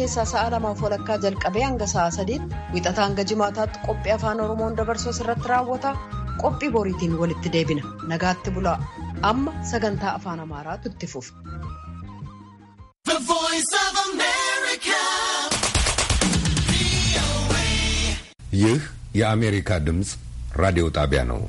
keessaa sa'a lamaaf walakkaa jalqabee hanga sa'a sadiitti wixataa hanga jimaataatti qophii afaan oromoon dabarsoos irratti raawwata qophii boriitiin walitti deebina nagaatti bulaa amma sagantaa afaan amaaraatu itti fufa. ይህ የአሜሪካ ameerikaa ራዲዮ raadiyoo ነው።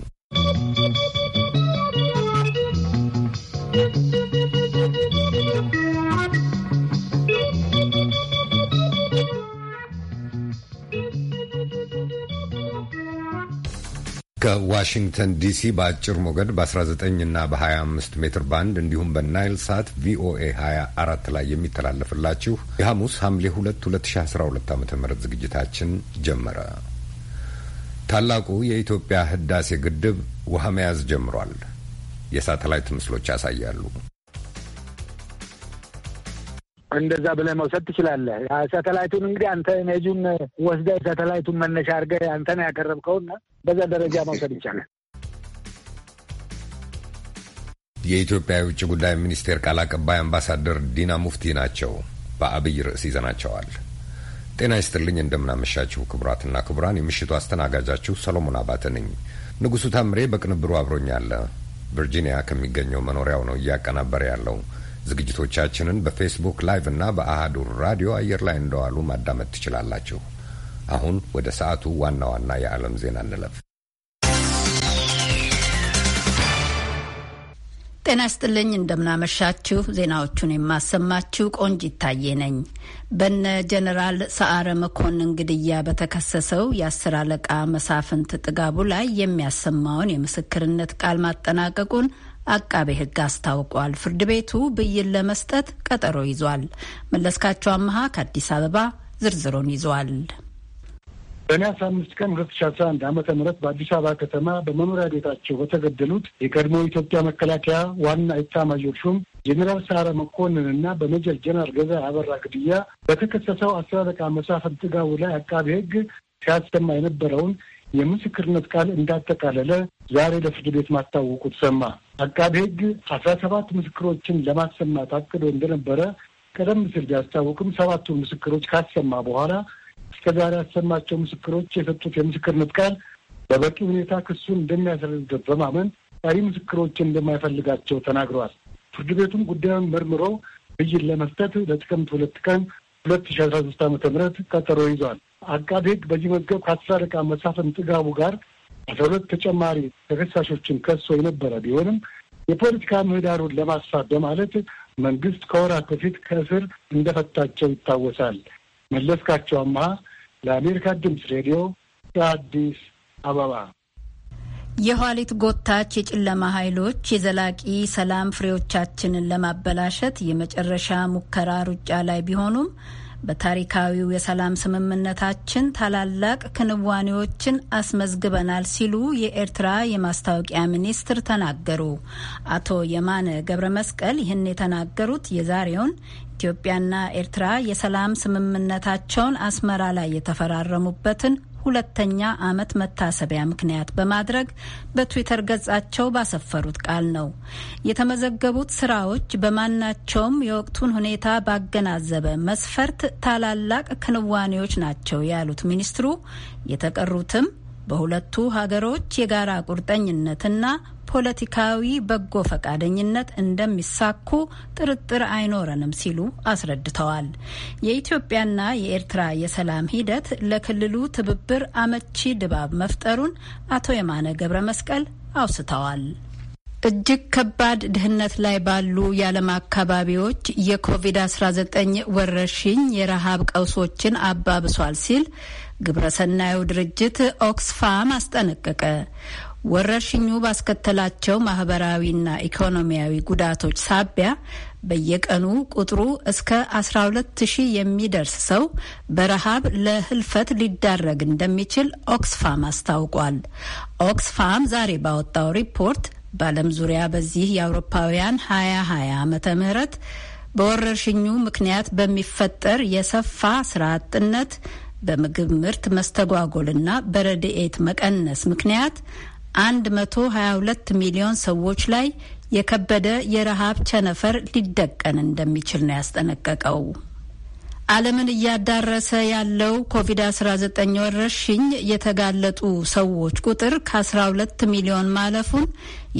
ከዋሽንግተን ዲሲ በአጭር ሞገድ በ19 እና በ25 ሜትር ባንድ እንዲሁም በናይል ሳት ቪኦኤ 24 ላይ የሚተላለፍላችሁ የሐሙስ ሐምሌ 2 2012 ዓ ም ዝግጅታችን ጀመረ። ታላቁ የኢትዮጵያ ህዳሴ ግድብ ውሃ መያዝ ጀምሯል። የሳተላይት ምስሎች ያሳያሉ። እንደዛ ብለህ መውሰድ ትችላለህ። ሳተላይቱን እንግዲህ አንተ ኢሜጁን ወስደ ሳተላይቱን መነሻ አድርገህ አንተ ነው ያቀረብከውና በዛ ደረጃ መውሰድ ይቻላል። የኢትዮጵያ የውጭ ጉዳይ ሚኒስቴር ቃል አቀባይ አምባሳደር ዲና ሙፍቲ ናቸው። በአብይ ርዕስ ይዘናቸዋል። ጤና ይስጥልኝ፣ እንደምናመሻችሁ ክቡራትና ክቡራን፣ የምሽቱ አስተናጋጃችሁ ሰሎሞን አባተ ነኝ። ንጉሡ ታምሬ በቅንብሩ አብሮኛለ። ቨርጂኒያ ከሚገኘው መኖሪያው ነው እያቀናበረ ያለው። ዝግጅቶቻችንን በፌስቡክ ላይቭ እና በአሃዱ ራዲዮ አየር ላይ እንደዋሉ ማዳመጥ ትችላላችሁ። አሁን ወደ ሰዓቱ ዋና ዋና የዓለም ዜና እንለፍ። ጤና ይስጥልኝ እንደምናመሻችሁ። ዜናዎቹን የማሰማችሁ ቆንጅ ይታየ ነኝ። በነ ጀነራል ሰዓረ መኮንን ግድያ በተከሰሰው የአስር አለቃ መሳፍንት ጥጋቡ ላይ የሚያሰማውን የምስክርነት ቃል ማጠናቀቁን አቃቤ ሕግ አስታውቋል። ፍርድ ቤቱ ብይን ለመስጠት ቀጠሮ ይዟል። መለስካቸው አመሃ ከአዲስ አበባ ዝርዝሩን ይዟል። በኔ አስራ አምስት ቀን ሁለት ሺ አስራ አንድ ዓመተ ምህረት በአዲስ አበባ ከተማ በመኖሪያ ቤታቸው በተገደሉት የቀድሞ ኢትዮጵያ መከላከያ ዋና ኢታማዦር ሹም ጄኔራል ሰዓረ መኮንንና በሜጀር ጄኔራል ገዛ አበራ ግድያ በተከሰሰው አስር አለቃ መሳፍንት ጥጋቡ ላይ አቃቤ ሕግ ሲያሰማ የነበረውን የምስክርነት ቃል እንዳጠቃለለ ዛሬ ለፍርድ ቤት ማስታወቁ ተሰማ። አቃቤ ሕግ አስራ ሰባት ምስክሮችን ለማሰማት አቅዶ እንደነበረ ቀደም ሲል ቢያስታውቅም ሰባቱን ምስክሮች ካሰማ በኋላ እስከዛሬ ያሰማቸው ምስክሮች የሰጡት የምስክርነት ቃል በበቂ ሁኔታ ክሱን እንደሚያስረድበት በማመን ቀሪ ምስክሮችን እንደማይፈልጋቸው ተናግረዋል። ፍርድ ቤቱም ጉዳዩን መርምሮ ብይን ለመስጠት ለጥቅምት ሁለት ቀን ሁለት ሺ አስራ ሶስት ዓመተ ምህረት ቀጠሮ ይዟል። አቃቤ ሕግ በዚህ መዝገብ ከአስር አለቃ መሳፍን ጥጋቡ ጋር አስራ ሁለት ተጨማሪ ተከሳሾችን ከሶ የነበረ ቢሆንም የፖለቲካ ምህዳሩን ለማስፋት በማለት መንግስት ከወራት በፊት ከእስር እንደፈታቸው ይታወሳል። መለስካቸው አምሃ ለአሜሪካ ድምፅ ሬዲዮ ከአዲስ አበባ። የኋሊት ጎታች የጨለማ ኃይሎች የዘላቂ ሰላም ፍሬዎቻችንን ለማበላሸት የመጨረሻ ሙከራ ሩጫ ላይ ቢሆኑም በታሪካዊው የሰላም ስምምነታችን ታላላቅ ክንዋኔዎችን አስመዝግበናል ሲሉ የኤርትራ የማስታወቂያ ሚኒስትር ተናገሩ። አቶ የማነ ገብረ መስቀል ይህን የተናገሩት የዛሬውን ኢትዮጵያና ኤርትራ የሰላም ስምምነታቸውን አስመራ ላይ የተፈራረሙበትን ሁለተኛ ዓመት መታሰቢያ ምክንያት በማድረግ በትዊተር ገጻቸው ባሰፈሩት ቃል ነው። የተመዘገቡት ስራዎች በማናቸውም የወቅቱን ሁኔታ ባገናዘበ መስፈርት ታላላቅ ክንዋኔዎች ናቸው ያሉት ሚኒስትሩ የተቀሩትም በሁለቱ ሀገሮች የጋራ ቁርጠኝነትና ፖለቲካዊ በጎ ፈቃደኝነት እንደሚሳኩ ጥርጥር አይኖረንም ሲሉ አስረድተዋል። የኢትዮጵያና የኤርትራ የሰላም ሂደት ለክልሉ ትብብር አመቺ ድባብ መፍጠሩን አቶ የማነ ገብረ መስቀል አውስተዋል። እጅግ ከባድ ድህነት ላይ ባሉ የዓለም አካባቢዎች የኮቪድ-19 ወረርሽኝ የረሃብ ቀውሶችን አባብሷል ሲል ግብረሰናዩ ድርጅት ኦክስፋም አስጠነቀቀ። ወረርሽኙ ባስከተላቸው ማህበራዊና ኢኮኖሚያዊ ጉዳቶች ሳቢያ በየቀኑ ቁጥሩ እስከ 12 ሺህ የሚደርስ ሰው በረሃብ ለህልፈት ሊዳረግ እንደሚችል ኦክስፋም አስታውቋል። ኦክስፋም ዛሬ ባወጣው ሪፖርት በዓለም ዙሪያ በዚህ የአውሮፓውያን 2020 ዓመተ ምህረት በወረርሽኙ ምክንያት በሚፈጠር የሰፋ ስራ አጥነት በምግብ ምርት መስተጓጎልና በረድኤት መቀነስ ምክንያት 122 ሚሊዮን ሰዎች ላይ የከበደ የረሃብ ቸነፈር ሊደቀን እንደሚችል ነው ያስጠነቀቀው። ዓለምን እያዳረሰ ያለው ኮቪድ-19 ወረርሽኝ የተጋለጡ ሰዎች ቁጥር ከ12 ሚሊዮን ማለፉን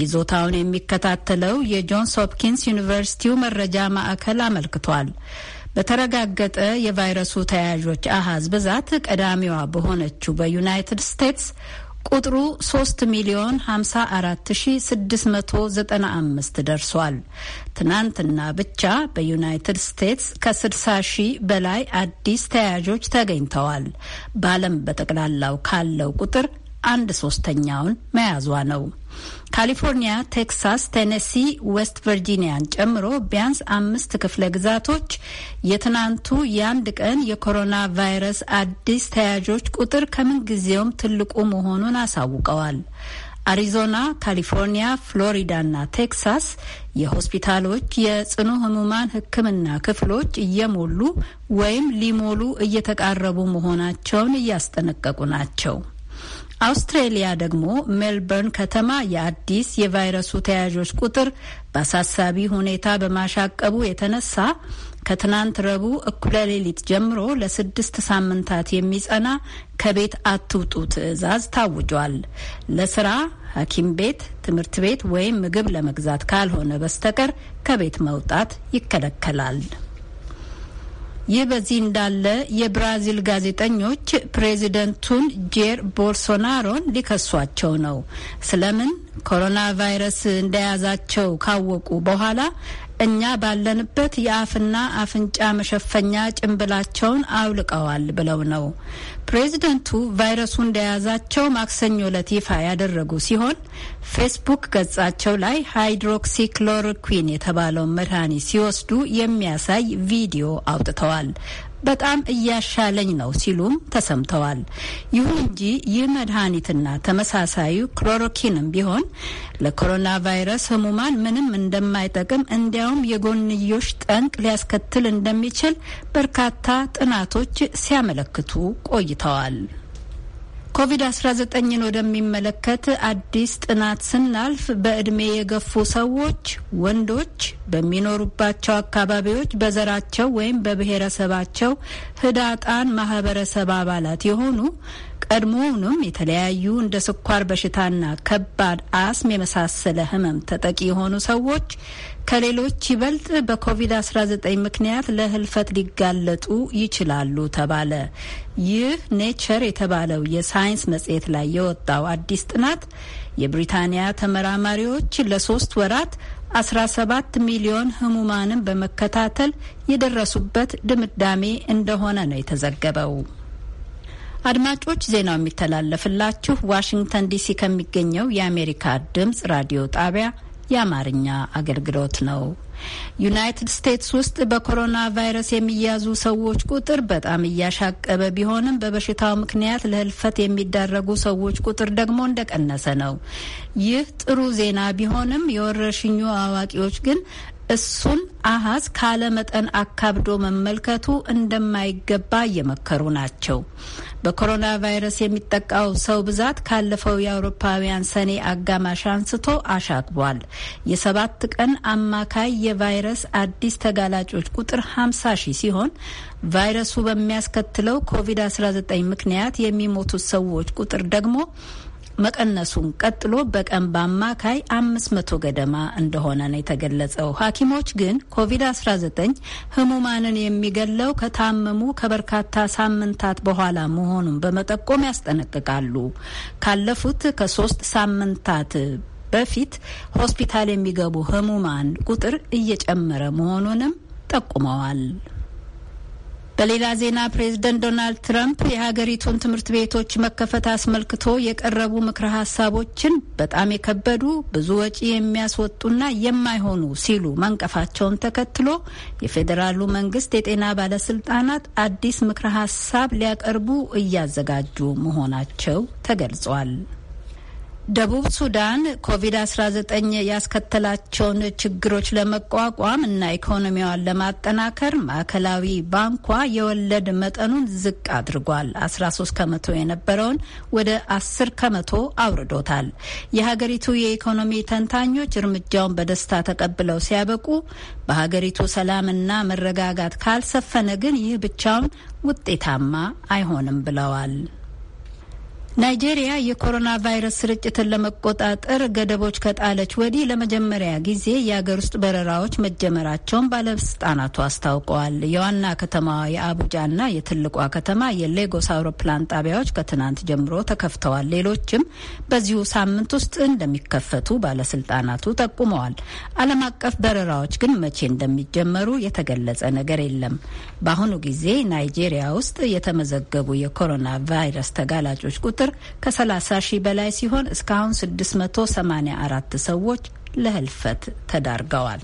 ይዞታውን የሚከታተለው የጆንስ ሆፕኪንስ ዩኒቨርሲቲው መረጃ ማዕከል አመልክቷል። በተረጋገጠ የቫይረሱ ተያያዦች አሃዝ ብዛት ቀዳሚዋ በሆነችው በዩናይትድ ስቴትስ ቁጥሩ 3 ሚሊዮን 54695 ደርሷል። ትናንትና ብቻ በዩናይትድ ስቴትስ ከ60 ሺህ በላይ አዲስ ተያያዦች ተገኝተዋል። በዓለም በጠቅላላው ካለው ቁጥር አንድ ሶስተኛውን መያዟ ነው። ካሊፎርኒያ፣ ቴክሳስ፣ ቴኔሲ፣ ዌስት ቨርጂኒያን ጨምሮ ቢያንስ አምስት ክፍለ ግዛቶች የትናንቱ የአንድ ቀን የኮሮና ቫይረስ አዲስ ተያዦች ቁጥር ከምንጊዜውም ትልቁ መሆኑን አሳውቀዋል። አሪዞና፣ ካሊፎርኒያ፣ ፍሎሪዳና ቴክሳስ የሆስፒታሎች የጽኑ ህሙማን ሕክምና ክፍሎች እየሞሉ ወይም ሊሞሉ እየተቃረቡ መሆናቸውን እያስጠነቀቁ ናቸው። አውስትሬሊያ ደግሞ ሜልበርን ከተማ የአዲስ የቫይረሱ ተያዦች ቁጥር በአሳሳቢ ሁኔታ በማሻቀቡ የተነሳ ከትናንት ረቡዕ እኩለ ሌሊት ጀምሮ ለስድስት ሳምንታት የሚጸና ከቤት አትውጡ ትዕዛዝ ታውጇል። ለስራ ሐኪም ቤት፣ ትምህርት ቤት ወይም ምግብ ለመግዛት ካልሆነ በስተቀር ከቤት መውጣት ይከለከላል። ይህ በዚህ እንዳለ የብራዚል ጋዜጠኞች ፕሬዚደንቱን ጄር ቦልሶናሮን ሊከሷቸው ነው። ስለምን ኮሮና ቫይረስ እንደያዛቸው ካወቁ በኋላ እኛ ባለንበት የአፍና አፍንጫ መሸፈኛ ጭንብላቸውን አውልቀዋል ብለው ነው። ፕሬዚደንቱ ቫይረሱ እንደያዛቸው ማክሰኞ ዕለት ይፋ ያደረጉ ሲሆን ፌስቡክ ገጻቸው ላይ ሃይድሮክሲክሎሮኩዊን የተባለውን መድኃኒት ሲወስዱ የሚያሳይ ቪዲዮ አውጥተዋል። በጣም እያሻለኝ ነው ሲሉም ተሰምተዋል። ይሁን እንጂ ይህ መድኃኒትና ተመሳሳዩ ክሎሮኪንም ቢሆን ለኮሮና ቫይረስ ህሙማን ምንም እንደማይጠቅም እንዲያውም የጎንዮሽ ጠንቅ ሊያስከትል እንደሚችል በርካታ ጥናቶች ሲያመለክቱ ቆይተዋል። ኮቪድ-19ን ወደሚመለከት አዲስ ጥናት ስናልፍ በእድሜ የገፉ ሰዎች ወንዶች በሚኖሩባቸው አካባቢዎች በዘራቸው ወይም በብሔረሰባቸው ህዳጣን ማህበረሰብ አባላት የሆኑ ቀድሞውንም የተለያዩ እንደ ስኳር በሽታና ከባድ አስም የመሳሰለ ህመም ተጠቂ የሆኑ ሰዎች ከሌሎች ይበልጥ በኮቪድ-19 ምክንያት ለህልፈት ሊጋለጡ ይችላሉ ተባለ። ይህ ኔቸር የተባለው የሳይንስ መጽሔት ላይ የወጣው አዲስ ጥናት የብሪታንያ ተመራማሪዎች ለሶስት ወራት 17 ሚሊዮን ህሙማንን በመከታተል የደረሱበት ድምዳሜ እንደሆነ ነው የተዘገበው። አድማጮች ዜናው የሚተላለፍላችሁ ዋሽንግተን ዲሲ ከሚገኘው የአሜሪካ ድምጽ ራዲዮ ጣቢያ የአማርኛ አገልግሎት ነው። ዩናይትድ ስቴትስ ውስጥ በኮሮና ቫይረስ የሚያዙ ሰዎች ቁጥር በጣም እያሻቀበ ቢሆንም በበሽታው ምክንያት ለህልፈት የሚዳረጉ ሰዎች ቁጥር ደግሞ እንደቀነሰ ነው። ይህ ጥሩ ዜና ቢሆንም የወረርሽኙ አዋቂዎች ግን እሱን አሃዝ ካለ መጠን አካብዶ መመልከቱ እንደማይገባ እየመከሩ ናቸው። በኮሮና ቫይረስ የሚጠቃው ሰው ብዛት ካለፈው የአውሮፓውያን ሰኔ አጋማሽ አንስቶ አሻግቧል። የሰባት ቀን አማካይ የቫይረስ አዲስ ተጋላጮች ቁጥር 50 ሺህ ሲሆን ቫይረሱ በሚያስከትለው ኮቪድ-19 ምክንያት የሚሞቱት ሰዎች ቁጥር ደግሞ መቀነሱን ቀጥሎ በቀን በአማካይ አምስት መቶ ገደማ እንደሆነ ነው የተገለጸው። ሐኪሞች ግን ኮቪድ-19 ህሙማንን የሚገለው ከታመሙ ከበርካታ ሳምንታት በኋላ መሆኑን በመጠቆም ያስጠነቅቃሉ። ካለፉት ከሶስት ሳምንታት በፊት ሆስፒታል የሚገቡ ህሙማን ቁጥር እየጨመረ መሆኑንም ጠቁመዋል። በሌላ ዜና ፕሬዝደንት ዶናልድ ትራምፕ የሀገሪቱን ትምህርት ቤቶች መከፈት አስመልክቶ የቀረቡ ምክረ ሀሳቦችን በጣም የከበዱ ብዙ ወጪ የሚያስወጡና የማይሆኑ ሲሉ መንቀፋቸውን ተከትሎ የፌዴራሉ መንግስት የጤና ባለስልጣናት አዲስ ምክረ ሀሳብ ሊያቀርቡ እያዘጋጁ መሆናቸው ተገልጿል። ደቡብ ሱዳን ኮቪድ-19 ያስከተላቸውን ችግሮች ለመቋቋም እና ኢኮኖሚዋን ለማጠናከር ማዕከላዊ ባንኳ የወለድ መጠኑን ዝቅ አድርጓል። 13 ከመቶ የነበረውን ወደ 10 ከመቶ አውርዶታል። የሀገሪቱ የኢኮኖሚ ተንታኞች እርምጃውን በደስታ ተቀብለው ሲያበቁ፣ በሀገሪቱ ሰላምና መረጋጋት ካልሰፈነ ግን ይህ ብቻውን ውጤታማ አይሆንም ብለዋል። ናይጄሪያ የኮሮና ቫይረስ ስርጭትን ለመቆጣጠር ገደቦች ከጣለች ወዲህ ለመጀመሪያ ጊዜ የአገር ውስጥ በረራዎች መጀመራቸውን ባለስልጣናቱ አስታውቀዋል። የዋና ከተማዋ የአቡጃና የትልቋ ከተማ የሌጎስ አውሮፕላን ጣቢያዎች ከትናንት ጀምሮ ተከፍተዋል። ሌሎችም በዚሁ ሳምንት ውስጥ እንደሚከፈቱ ባለስልጣናቱ ጠቁመዋል። ዓለም አቀፍ በረራዎች ግን መቼ እንደሚጀመሩ የተገለጸ ነገር የለም። በአሁኑ ጊዜ ናይጄሪያ ውስጥ የተመዘገቡ የኮሮና ቫይረስ ተጋላጮች ቁጥር ቁጥር ከ30 ሺህ በላይ ሲሆን እስካሁን 684 ሰዎች ለህልፈት ተዳርገዋል።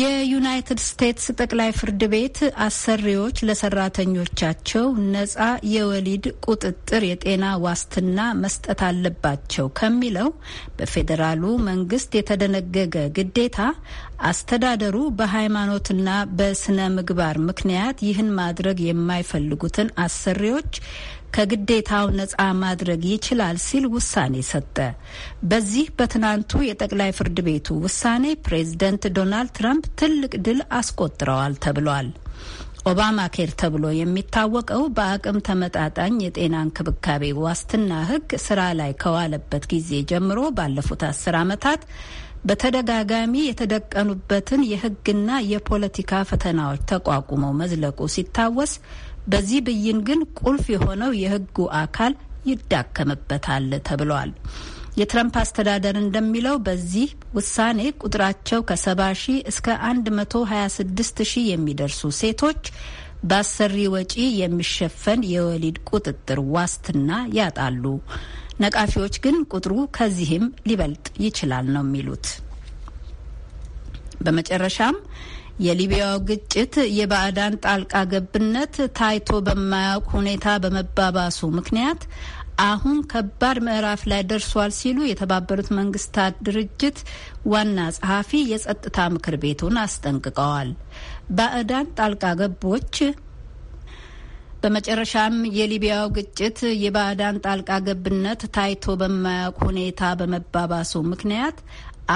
የዩናይትድ ስቴትስ ጠቅላይ ፍርድ ቤት አሰሪዎች ለሰራተኞቻቸው ነጻ የወሊድ ቁጥጥር የጤና ዋስትና መስጠት አለባቸው ከሚለው በፌዴራሉ መንግስት የተደነገገ ግዴታ አስተዳደሩ በሃይማኖትና በስነ ምግባር ምክንያት ይህን ማድረግ የማይፈልጉትን አሰሪዎች ከግዴታው ነፃ ማድረግ ይችላል ሲል ውሳኔ ሰጠ። በዚህ በትናንቱ የጠቅላይ ፍርድ ቤቱ ውሳኔ ፕሬዝደንት ዶናልድ ትራምፕ ትልቅ ድል አስቆጥረዋል ተብሏል። ኦባማ ኬር ተብሎ የሚታወቀው በአቅም ተመጣጣኝ የጤና እንክብካቤ ዋስትና ሕግ ስራ ላይ ከዋለበት ጊዜ ጀምሮ ባለፉት አስር ዓመታት በተደጋጋሚ የተደቀኑበትን የሕግና የፖለቲካ ፈተናዎች ተቋቁመው መዝለቁ ሲታወስ በዚህ ብይን ግን ቁልፍ የሆነው የህጉ አካል ይዳከምበታል ተብሏል። የትረምፕ አስተዳደር እንደሚለው በዚህ ውሳኔ ቁጥራቸው ከሰባ ሺህ እስከ አንድ መቶ ሀያ ስድስት ሺህ የሚደርሱ ሴቶች በአሰሪ ወጪ የሚሸፈን የወሊድ ቁጥጥር ዋስትና ያጣሉ። ነቃፊዎች ግን ቁጥሩ ከዚህም ሊበልጥ ይችላል ነው የሚሉት። በመጨረሻም የሊቢያው ግጭት የባዕዳን ጣልቃ ገብነት ታይቶ በማያውቅ ሁኔታ በመባባሱ ምክንያት አሁን ከባድ ምዕራፍ ላይ ደርሷል ሲሉ የተባበሩት መንግስታት ድርጅት ዋና ጸሐፊ የጸጥታ ምክር ቤቱን አስጠንቅቀዋል። ባዕዳን ጣልቃ ገቦች በመጨረሻም የሊቢያው ግጭት የባዕዳን ጣልቃ ገብነት ታይቶ በማያውቅ ሁኔታ በመባባሱ ምክንያት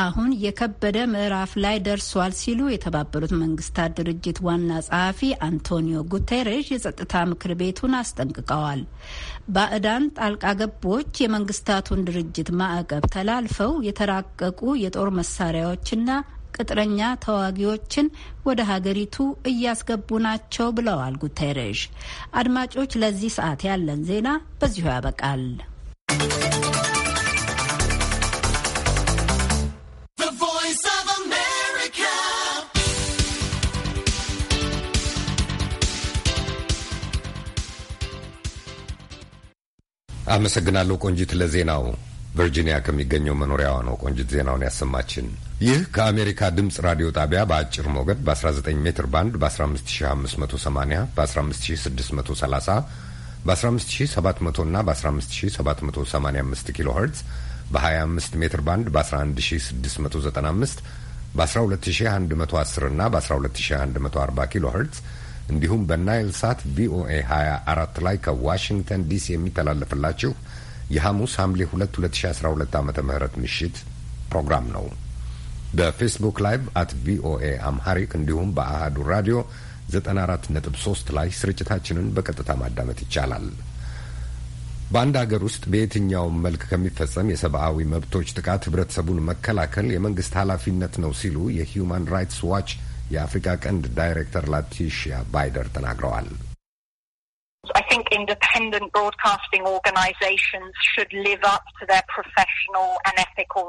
አሁን የከበደ ምዕራፍ ላይ ደርሷል ሲሉ የተባበሩት መንግስታት ድርጅት ዋና ጸሐፊ አንቶኒዮ ጉቴሬሽ የጸጥታ ምክር ቤቱን አስጠንቅቀዋል። ባዕዳን ጣልቃ ገቦች የመንግስታቱን ድርጅት ማዕቀብ ተላልፈው የተራቀቁ የጦር መሳሪያዎችና ቅጥረኛ ተዋጊዎችን ወደ ሀገሪቱ እያስገቡ ናቸው ብለዋል ጉቴሬሽ። አድማጮች፣ ለዚህ ሰዓት ያለን ዜና በዚሁ ያበቃል። አመሰግናለሁ ቆንጂት ለዜናው። ቨርጂኒያ ከሚገኘው መኖሪያዋ ነው ቆንጂት ዜናውን ያሰማችን። ይህ ከአሜሪካ ድምፅ ራዲዮ ጣቢያ በአጭር ሞገድ በ19 ሜትር ባንድ በ15580 በ15630 በ15700 እና በ15785 ኪሎ ኸርትዝ በ25 ሜትር ባንድ በ11695 በ12110 እና በ12140 ኪሎ ኸርትዝ እንዲሁም በናይል ሳት ቪኦኤ 24 ላይ ከዋሽንግተን ዲሲ የሚተላለፍላችሁ የሐሙስ ሐምሌ 2 2012 ዓ ም ምሽት ፕሮግራም ነው። በፌስቡክ ላይቭ አት ቪኦኤ አምሃሪክ እንዲሁም በአሃዱ ራዲዮ 94.3 ላይ ስርጭታችንን በቀጥታ ማዳመጥ ይቻላል። በአንድ አገር ውስጥ በየትኛውም መልክ ከሚፈጸም የሰብአዊ መብቶች ጥቃት ህብረተሰቡን መከላከል የመንግስት ኃላፊነት ነው ሲሉ የሂዩማን ራይትስ ዋች የአፍሪካ ቀንድ ዳይሬክተር ላቲሺያ ባይደር ተናግረዋል። independent broadcasting organizations should live up to their professional and ethical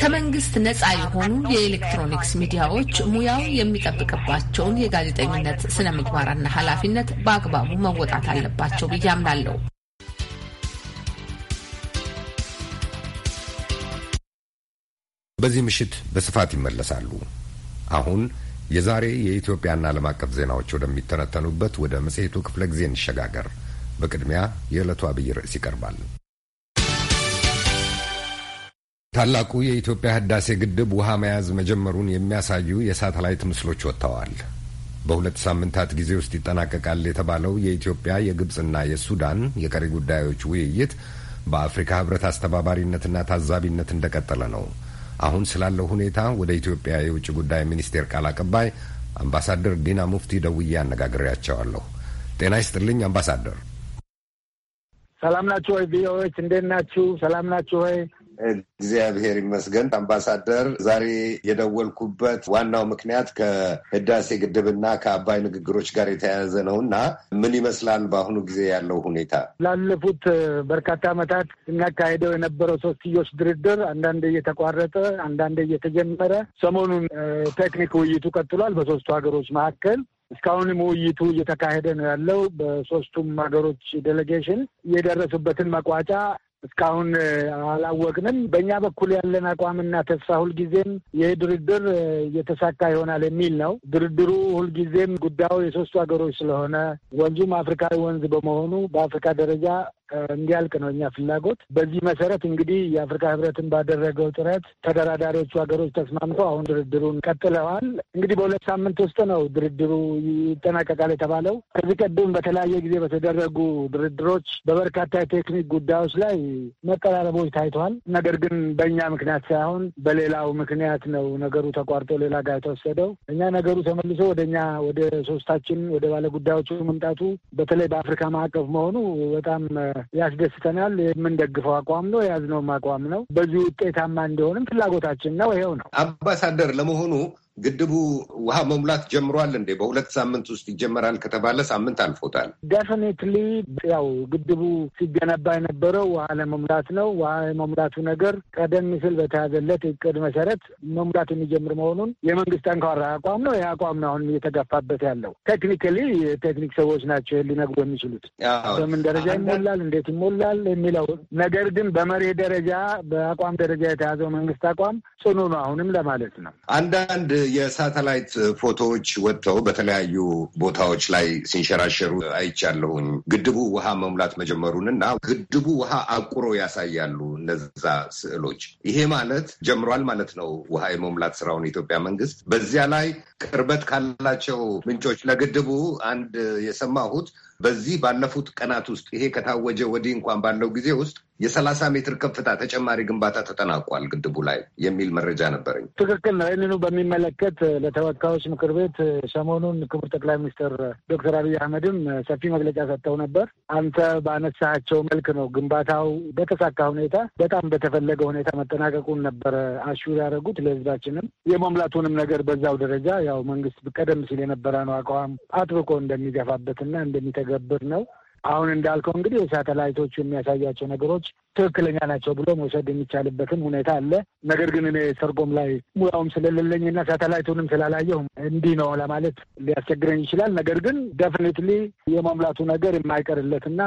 ከመንግስት ነጻ የሆኑ የኤሌክትሮኒክስ ሚዲያዎች ሙያው የሚጠብቅባቸውን የጋዜጠኝነት ስነ ምግባርና ኃላፊነት በአግባቡ መወጣት አለባቸው ብዬ አምናለሁ። በዚህ ምሽት በስፋት ይመለሳሉ። አሁን የዛሬ የኢትዮጵያና ዓለም አቀፍ ዜናዎች ወደሚተነተኑበት ወደ መጽሔቱ ክፍለ ጊዜ እንሸጋገር። በቅድሚያ የዕለቱ አብይ ርዕስ ይቀርባል። ታላቁ የኢትዮጵያ ህዳሴ ግድብ ውሃ መያዝ መጀመሩን የሚያሳዩ የሳተላይት ምስሎች ወጥተዋል። በሁለት ሳምንታት ጊዜ ውስጥ ይጠናቀቃል የተባለው የኢትዮጵያ የግብፅና የሱዳን የቀሪ ጉዳዮች ውይይት በአፍሪካ ህብረት አስተባባሪነትና ታዛቢነት እንደቀጠለ ነው። አሁን ስላለው ሁኔታ ወደ ኢትዮጵያ የውጭ ጉዳይ ሚኒስቴር ቃል አቀባይ አምባሳደር ዲና ሙፍቲ ደውዬ አነጋግሬያቸዋለሁ። ጤና ይስጥልኝ አምባሳደር። ሰላም ናችሁ ወይ? ቪኦኤዎች እንዴት ናችሁ? ሰላም ናችሁ ወይ? እግዚአብሔር ይመስገን አምባሳደር፣ ዛሬ የደወልኩበት ዋናው ምክንያት ከህዳሴ ግድብና ከአባይ ንግግሮች ጋር የተያያዘ ነው እና ምን ይመስላል በአሁኑ ጊዜ ያለው ሁኔታ? ላለፉት በርካታ ዓመታት እናካሄደው የነበረው ሶስትዮሽ ድርድር አንዳንዴ እየተቋረጠ አንዳንዴ እየተጀመረ ሰሞኑን ቴክኒክ ውይይቱ ቀጥሏል በሶስቱ ሀገሮች መካከል እስካሁንም ውይይቱ እየተካሄደ ነው ያለው። በሶስቱም ሀገሮች ዴሌጌሽን የደረሱበትን መቋጫ እስካሁን አላወቅንም። በእኛ በኩል ያለን አቋምና ተስፋ ሁልጊዜም ይህ ድርድር እየተሳካ ይሆናል የሚል ነው። ድርድሩ ሁልጊዜም ጉዳዩ የሶስቱ ሀገሮች ስለሆነ ወንዙም አፍሪካዊ ወንዝ በመሆኑ በአፍሪካ ደረጃ እንዲያልቅ ነው እኛ ፍላጎት። በዚህ መሰረት እንግዲህ የአፍሪካ ህብረትን ባደረገው ጥረት ተደራዳሪዎቹ ሀገሮች ተስማምተው አሁን ድርድሩን ቀጥለዋል። እንግዲህ በሁለት ሳምንት ውስጥ ነው ድርድሩ ይጠናቀቃል የተባለው። ከዚህ ቀደም በተለያየ ጊዜ በተደረጉ ድርድሮች በበርካታ የቴክኒክ ጉዳዮች ላይ መቀራረቦች ታይተዋል። ነገር ግን በእኛ ምክንያት ሳይሆን በሌላው ምክንያት ነው ነገሩ ተቋርጦ ሌላ ጋር የተወሰደው። እኛ ነገሩ ተመልሶ ወደ እኛ ወደ ሶስታችን ወደ ባለጉዳዮቹ መምጣቱ በተለይ በአፍሪካ ማዕቀፍ መሆኑ በጣም ያስደስተናል። የምንደግፈው አቋም ነው፣ የያዝነውም አቋም ነው። በዚህ ውጤታማ እንደሆንም ፍላጎታችን ነው። ይኸው ነው። አምባሳደር ለመሆኑ ግድቡ ውሃ መሙላት ጀምሯል እንዴ? በሁለት ሳምንት ውስጥ ይጀመራል ከተባለ ሳምንት አልፎታል። ዴፊኒትሊ ያው ግድቡ ሲገነባ የነበረው ውሃ ለመሙላት ነው። ውሃ የመሙላቱ ነገር ቀደም ሲል በተያዘለት እቅድ መሰረት መሙላት የሚጀምር መሆኑን የመንግስት ጠንካራ አቋም ነው። ይህ አቋም ነው አሁን እየተጋፋበት ያለው። ቴክኒካሊ ቴክኒክ ሰዎች ናቸው ሊነግሩ የሚችሉት በምን ደረጃ ይሞላል፣ እንዴት ይሞላል የሚለው ነገር ግን በመርህ ደረጃ በአቋም ደረጃ የተያዘው መንግስት አቋም ጽኑ ነው አሁንም ለማለት ነው አንዳንድ የሳተላይት ፎቶዎች ወጥተው በተለያዩ ቦታዎች ላይ ሲንሸራሸሩ አይቻለሁኝ። ግድቡ ውሃ መሙላት መጀመሩን እና ግድቡ ውሃ አቁሮ ያሳያሉ እነዛ ስዕሎች። ይሄ ማለት ጀምሯል ማለት ነው ውሃ የመሙላት ስራውን የኢትዮጵያ መንግስት። በዚያ ላይ ቅርበት ካላቸው ምንጮች ለግድቡ አንድ የሰማሁት በዚህ ባለፉት ቀናት ውስጥ ይሄ ከታወጀ ወዲህ እንኳን ባለው ጊዜ ውስጥ የሰላሳ ሜትር ከፍታ ተጨማሪ ግንባታ ተጠናቋል ግድቡ ላይ የሚል መረጃ ነበረኝ። ትክክል ነው። ይህንኑ በሚመለከት ለተወካዮች ምክር ቤት ሰሞኑን ክቡር ጠቅላይ ሚኒስትር ዶክተር አብይ አህመድም ሰፊ መግለጫ ሰጥተው ነበር። አንተ ባነሳቸው መልክ ነው ግንባታው በተሳካ ሁኔታ በጣም በተፈለገ ሁኔታ መጠናቀቁን ነበረ አሹር ያደረጉት። ለህዝባችንም የመሙላቱንም ነገር በዛው ደረጃ ያው መንግስት ቀደም ሲል የነበረ ነው አቋም አጥብቆ እንደሚገፋበትና እንደሚተገብር ነው። አሁን እንዳልከው እንግዲህ የሳተላይቶቹ የሚያሳያቸው ነገሮች ትክክለኛ ናቸው ብሎ መውሰድ የሚቻልበትም ሁኔታ አለ። ነገር ግን እኔ ሰርጎም ላይ ሙያውም ስለሌለኝና ሳተላይቱንም ስላላየሁ እንዲህ ነው ለማለት ሊያስቸግረኝ ይችላል። ነገር ግን ደፍኒትሊ የመሙላቱ ነገር የማይቀርለትና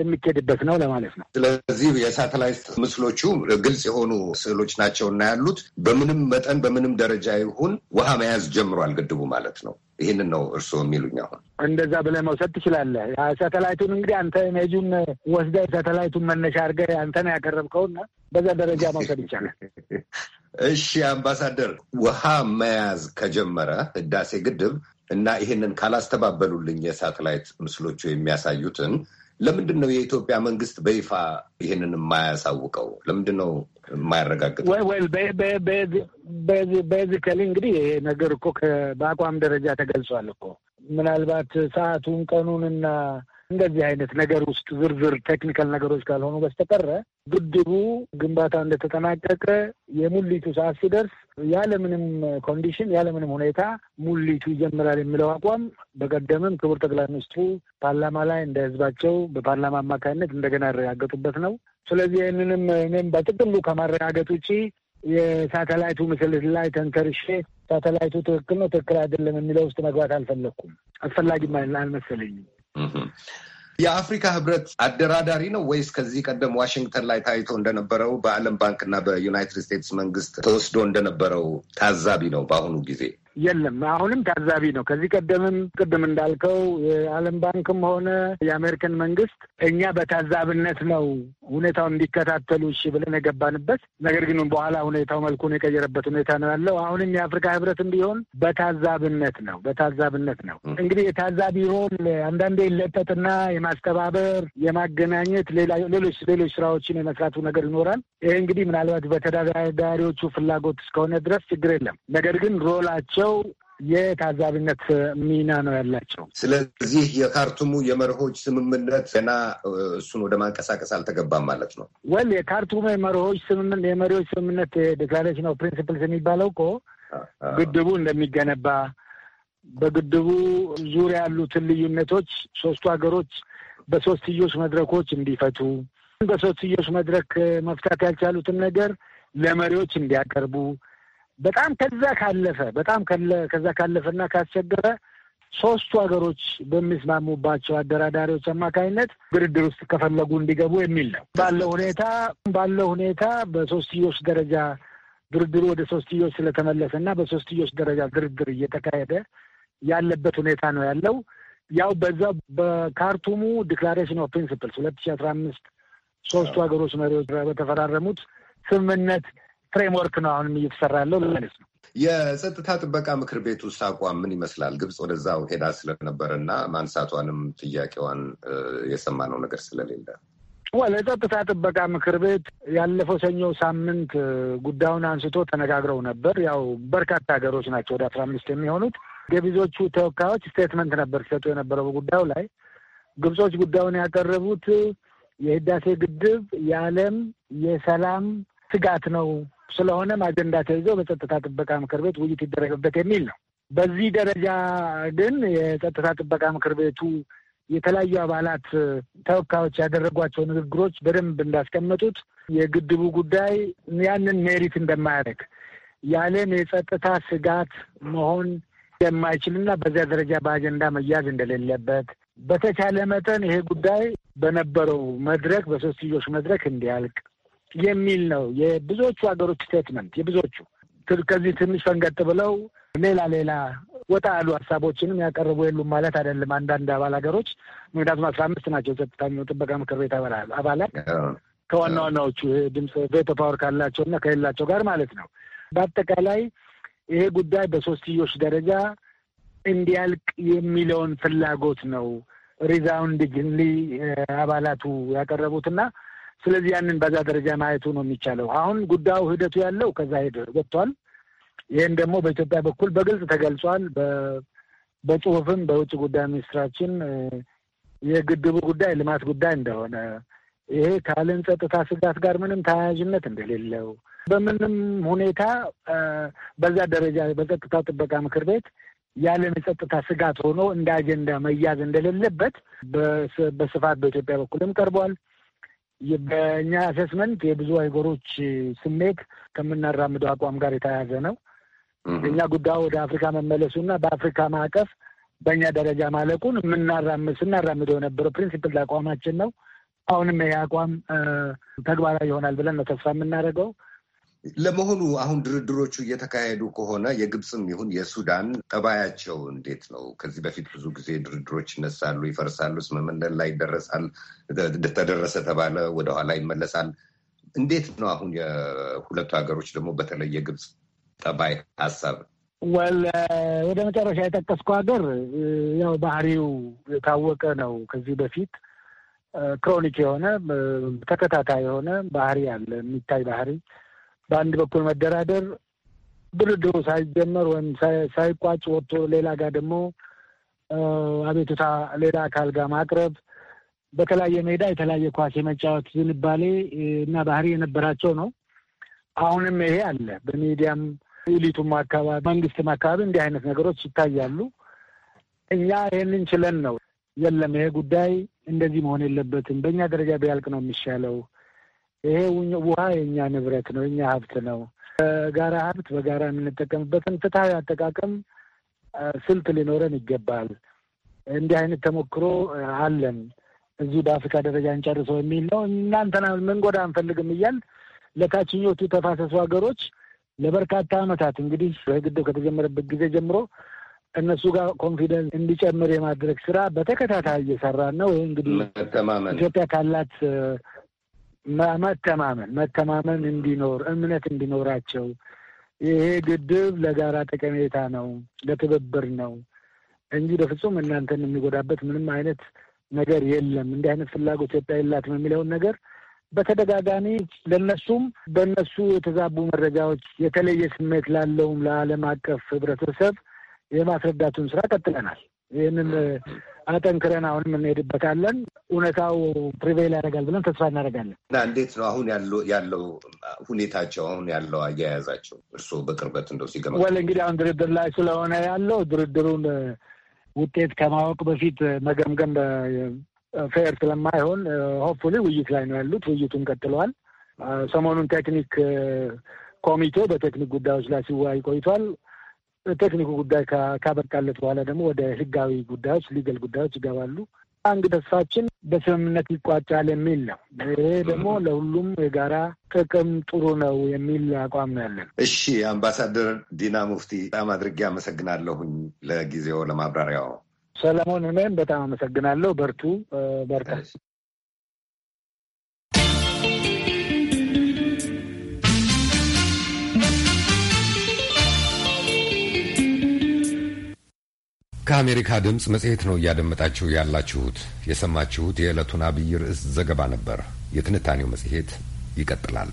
የሚኬድበት ነው ለማለት ነው። ስለዚህ የሳተላይት ምስሎቹ ግልጽ የሆኑ ስዕሎች ናቸው እና ያሉት በምንም መጠን በምንም ደረጃ ይሁን ውሃ መያዝ ጀምሯል ግድቡ ማለት ነው። ይህንን ነው እርስዎ የሚሉኝ? አሁን እንደዛ ብለህ መውሰድ ትችላለህ። ሳተላይቱን እንግዲህ አንተ ኢሜጁን ወስደህ ሳተላይቱን መነሻ አድርገህ አንተና ያቀረብከውና በዛ ደረጃ መውሰድ ይቻላል። እሺ አምባሳደር፣ ውሃ መያዝ ከጀመረ ህዳሴ ግድብ እና ይህንን ካላስተባበሉልኝ የሳተላይት ምስሎቹ የሚያሳዩትን ለምንድን ነው የኢትዮጵያ መንግስት በይፋ ይህንን የማያሳውቀው? ለምንድን ነው የማያረጋግጠው? በዚከሊ እንግዲህ ይሄ ነገር እኮ በአቋም ደረጃ ተገልጿል እኮ ምናልባት ሰዓቱን ቀኑንና እንደዚህ አይነት ነገር ውስጥ ዝርዝር ቴክኒካል ነገሮች ካልሆኑ በስተቀረ ግድቡ ግንባታ እንደተጠናቀቀ የሙሊቱ ሰዓት ሲደርስ ያለምንም ኮንዲሽን ያለምንም ሁኔታ ሙሊቱ ይጀምራል የሚለው አቋም በቀደምም ክቡር ጠቅላይ ሚኒስትሩ ፓርላማ ላይ እንደ ህዝባቸው በፓርላማ አማካኝነት እንደገና ያረጋገጡበት ነው። ስለዚህ ይህንንም እኔም በጥቅሉ ከማረጋገጥ ውጪ የሳተላይቱ ምስል ላይ ተንተርሼ ሳተላይቱ ትክክል ነው ትክክል አይደለም የሚለው ውስጥ መግባት አልፈለግኩም። አስፈላጊም አልመሰለኝም። የአፍሪካ ህብረት አደራዳሪ ነው ወይስ ከዚህ ቀደም ዋሽንግተን ላይ ታይቶ እንደነበረው በዓለም ባንክ እና በዩናይትድ ስቴትስ መንግስት ተወስዶ እንደነበረው ታዛቢ ነው? በአሁኑ ጊዜ የለም። አሁንም ታዛቢ ነው። ከዚህ ቀደምም ቅድም እንዳልከው የዓለም ባንክም ሆነ የአሜሪካን መንግስት እኛ በታዛብነት ነው ሁኔታውን እንዲከታተሉ እሺ ብለን የገባንበት፣ ነገር ግን በኋላ ሁኔታው መልኩን የቀየረበት ሁኔታ ነው ያለው። አሁንም የአፍሪካ ህብረትም ቢሆን በታዛብነት ነው በታዛብነት ነው። እንግዲህ የታዛቢ ሮል አንዳንዴ ይለጠጥና የማስተባበር የማገናኘት፣ ሌሎች ሌሎች ስራዎችን የመስራቱ ነገር ይኖራል። ይሄ እንግዲህ ምናልባት በተደራዳሪዎቹ ፍላጎት እስከሆነ ድረስ ችግር የለም። ነገር ግን ሮላቸው ያለው የታዛቢነት ሚና ነው ያላቸው። ስለዚህ የካርቱሙ የመርሆች ስምምነት ገና እሱን ወደ ማንቀሳቀስ አልተገባም ማለት ነው። ወል የካርቱሙ የመርሆች ስምምነት የመሪዎች ስምምነት ዴክላሬሽን ኦፍ ፕሪንስፕልስ የሚባለው እኮ ግድቡ እንደሚገነባ በግድቡ ዙሪያ ያሉትን ልዩነቶች ሶስቱ ሀገሮች በሶስትዮሽ መድረኮች እንዲፈቱ በሶስትዮሽ መድረክ መፍታት ያልቻሉትን ነገር ለመሪዎች እንዲያቀርቡ በጣም ከዛ ካለፈ በጣም ከዛ ካለፈና ካስቸገረ ሶስቱ ሀገሮች በሚስማሙባቸው አደራዳሪዎች አማካኝነት ድርድር ውስጥ ከፈለጉ እንዲገቡ የሚል ነው። ባለው ሁኔታ ባለው ሁኔታ በሶስትዮሽ ደረጃ ድርድሩ ወደ ሶስትዮሽ ስለተመለሰ እና በሶስትዮሽ ደረጃ ድርድር እየተካሄደ ያለበት ሁኔታ ነው ያለው። ያው በዛ በካርቱሙ ዲክላሬሽን ኦፍ ፕሪንስፕልስ ሁለት ሺ አስራ አምስት ሶስቱ ሀገሮች መሪዎች በተፈራረሙት ስምምነት ፍሬምወርክ ነው አሁንም እየተሰራ ያለው ለማለት ነው። የጸጥታ ጥበቃ ምክር ቤት ውስጥ አቋም ምን ይመስላል? ግብጽ ወደዛው ሄዳ ስለነበረ እና ማንሳቷንም ጥያቄዋን የሰማነው ነገር ስለሌለ ወል የጸጥታ ጥበቃ ምክር ቤት ያለፈው ሰኞ ሳምንት ጉዳዩን አንስቶ ተነጋግረው ነበር። ያው በርካታ ሀገሮች ናቸው ወደ አስራ አምስት የሚሆኑት የብዙዎቹ ተወካዮች ስቴትመንት ነበር ሲሰጡ የነበረው በጉዳዩ ላይ። ግብጾች ጉዳዩን ያቀረቡት የህዳሴ ግድብ የዓለም የሰላም ስጋት ነው ስለሆነም አጀንዳ ተይዞ በጸጥታ ጥበቃ ምክር ቤት ውይይት ይደረግበት የሚል ነው። በዚህ ደረጃ ግን የጸጥታ ጥበቃ ምክር ቤቱ የተለያዩ አባላት ተወካዮች ያደረጓቸው ንግግሮች በደንብ እንዳስቀመጡት የግድቡ ጉዳይ ያንን ሜሪት እንደማያደርግ ያለን የጸጥታ ስጋት መሆን እንደማይችልና በዚያ ደረጃ በአጀንዳ መያዝ እንደሌለበት በተቻለ መጠን ይሄ ጉዳይ በነበረው መድረክ በሶስትዮሽ መድረክ እንዲያልቅ የሚል ነው የብዙዎቹ ሀገሮች ስቴትመንት። የብዙዎቹ ከዚህ ትንሽ ፈንገጥ ብለው ሌላ ሌላ ወጣ ያሉ ሀሳቦችንም ያቀረቡ የሉም ማለት አይደለም። አንዳንድ አባል ሀገሮች ምክንያቱም አስራ አምስት ናቸው ጸጥታ ጥበቃ ምክር ቤት አባላት ከዋና ዋናዎቹ ድምፅ ቬቶ ፓወር ካላቸው እና ከሌላቸው ጋር ማለት ነው። በአጠቃላይ ይሄ ጉዳይ በሶስትዮሽ ደረጃ እንዲያልቅ የሚለውን ፍላጎት ነው ግንሊ አባላቱ ያቀረቡትና ስለዚህ ያንን በዛ ደረጃ ማየቱ ነው የሚቻለው። አሁን ጉዳዩ ሂደቱ ያለው ከዛ ሄድ ወጥቷል። ይህም ደግሞ በኢትዮጵያ በኩል በግልጽ ተገልጿል። በጽሁፍም በውጭ ጉዳይ ሚኒስትራችን የግድቡ ጉዳይ ልማት ጉዳይ እንደሆነ ይሄ ከዓለም ጸጥታ ስጋት ጋር ምንም ተያያዥነት እንደሌለው በምንም ሁኔታ በዛ ደረጃ በጸጥታ ጥበቃ ምክር ቤት የዓለም የጸጥታ ስጋት ሆኖ እንደ አጀንዳ መያዝ እንደሌለበት በስፋት በኢትዮጵያ በኩልም ቀርቧል። በእኛ አሴስመንት የብዙ አይጎሮች ስሜት ከምናራምደው አቋም ጋር የተያያዘ ነው። እኛ ጉዳዩ ወደ አፍሪካ መመለሱና በአፍሪካ ማዕቀፍ በእኛ ደረጃ ማለቁን የምናራምድ ስናራምደው የነበረው ፕሪንሲፕል አቋማችን ነው። አሁንም ይሄ አቋም ተግባራዊ ይሆናል ብለን ነው ተስፋ የምናደርገው። ለመሆኑ አሁን ድርድሮቹ እየተካሄዱ ከሆነ የግብፅም ይሁን የሱዳን ጠባያቸው እንዴት ነው? ከዚህ በፊት ብዙ ጊዜ ድርድሮች ይነሳሉ፣ ይፈርሳሉ፣ ስምምነት ላይ ይደረሳል፣ ተደረሰ ተባለ፣ ወደኋላ ይመለሳል። እንዴት ነው አሁን የሁለቱ ሀገሮች ደግሞ በተለይ የግብፅ ጠባይ ሀሳብ? ወል ወደ መጨረሻ የጠቀስኩ ሀገር ያው ባህሪው የታወቀ ነው። ከዚህ በፊት ክሮኒክ የሆነ ተከታታይ የሆነ ባህሪ አለ የሚታይ ባህሪ በአንድ በኩል መደራደር ድርድሩ ሳይጀመር ወይም ሳይቋጭ ወጥቶ ሌላ ጋር ደግሞ አቤቱታ ሌላ አካል ጋር ማቅረብ በተለያየ ሜዳ የተለያየ ኳስ የመጫወት ዝንባሌ እና ባህሪ የነበራቸው ነው። አሁንም ይሄ አለ። በሚዲያም ኢሊቱም አካባቢ መንግስትም አካባቢ እንዲህ አይነት ነገሮች ይታያሉ። እኛ ይህንን ችለን ነው የለም ይሄ ጉዳይ እንደዚህ መሆን የለበትም፣ በእኛ ደረጃ ቢያልቅ ነው የሚሻለው ይሄ ውሃ የእኛ ንብረት ነው፣ የኛ ሀብት ነው። በጋራ ሀብት በጋራ የምንጠቀምበትን ፍትሐዊ አጠቃቀም ስልት ሊኖረን ይገባል። እንዲህ አይነት ተሞክሮ አለን። እዚህ በአፍሪካ ደረጃ እንጨርሰው የሚል ነው። እናንተና መንጎዳ አንፈልግም እያል ለታችኞቹ ተፋሰሱ ሀገሮች ለበርካታ ዓመታት እንግዲህ በግድብ ከተጀመረበት ጊዜ ጀምሮ እነሱ ጋር ኮንፊደንስ እንዲጨምር የማድረግ ስራ በተከታታይ እየሰራን ነው። ይህ እንግዲህ ኢትዮጵያ ካላት መተማመን መተማመን እንዲኖር እምነት እንዲኖራቸው ይሄ ግድብ ለጋራ ጠቀሜታ ነው፣ ለትብብር ነው እንጂ በፍጹም እናንተን የሚጎዳበት ምንም አይነት ነገር የለም፣ እንዲህ አይነት ፍላጎት ኢትዮጵያ የላትም የሚለውን ነገር በተደጋጋሚ ለነሱም በእነሱ የተዛቡ መረጃዎች የተለየ ስሜት ላለውም ለዓለም አቀፍ ህብረተሰብ የማስረዳቱን ስራ ቀጥለናል። ይህንን አጠንክረን አሁንም እንሄድበታለን። እውነታው ፕሪቬል ያደርጋል ብለን ተስፋ እናደርጋለን። እና እንዴት ነው አሁን ያለው ሁኔታቸው አሁን ያለው አያያዛቸው እርስዎ በቅርበት እንደው ሲገመ ወል እንግዲህ አሁን ድርድር ላይ ስለሆነ ያለው ድርድሩን ውጤት ከማወቅ በፊት መገምገም ፌር ስለማይሆን ሆፕፉሊ ውይይት ላይ ነው ያሉት። ውይይቱን ቀጥለዋል። ሰሞኑን ቴክኒክ ኮሚቴ በቴክኒክ ጉዳዮች ላይ ሲወያይ ቆይቷል። ቴክኒኩ ጉዳይ ካበቃለት በኋላ ደግሞ ወደ ህጋዊ ጉዳዮች ሊገል ጉዳዮች ይገባሉ። አንግ ተስፋችን በስምምነት ይቋጫል የሚል ነው። ይሄ ደግሞ ለሁሉም የጋራ ጥቅም ጥሩ ነው የሚል አቋም ነው ያለን። እሺ አምባሳደር ዲና ሙፍቲ በጣም አድርጌ አመሰግናለሁኝ ለጊዜው ለማብራሪያው። ሰለሞን፣ እኔም በጣም አመሰግናለሁ። በርቱ፣ በርታ። ከአሜሪካ ድምፅ መጽሔት ነው እያደመጣችሁ ያላችሁት። የሰማችሁት የዕለቱን አብይ ርዕስ ዘገባ ነበር። የትንታኔው መጽሔት ይቀጥላል።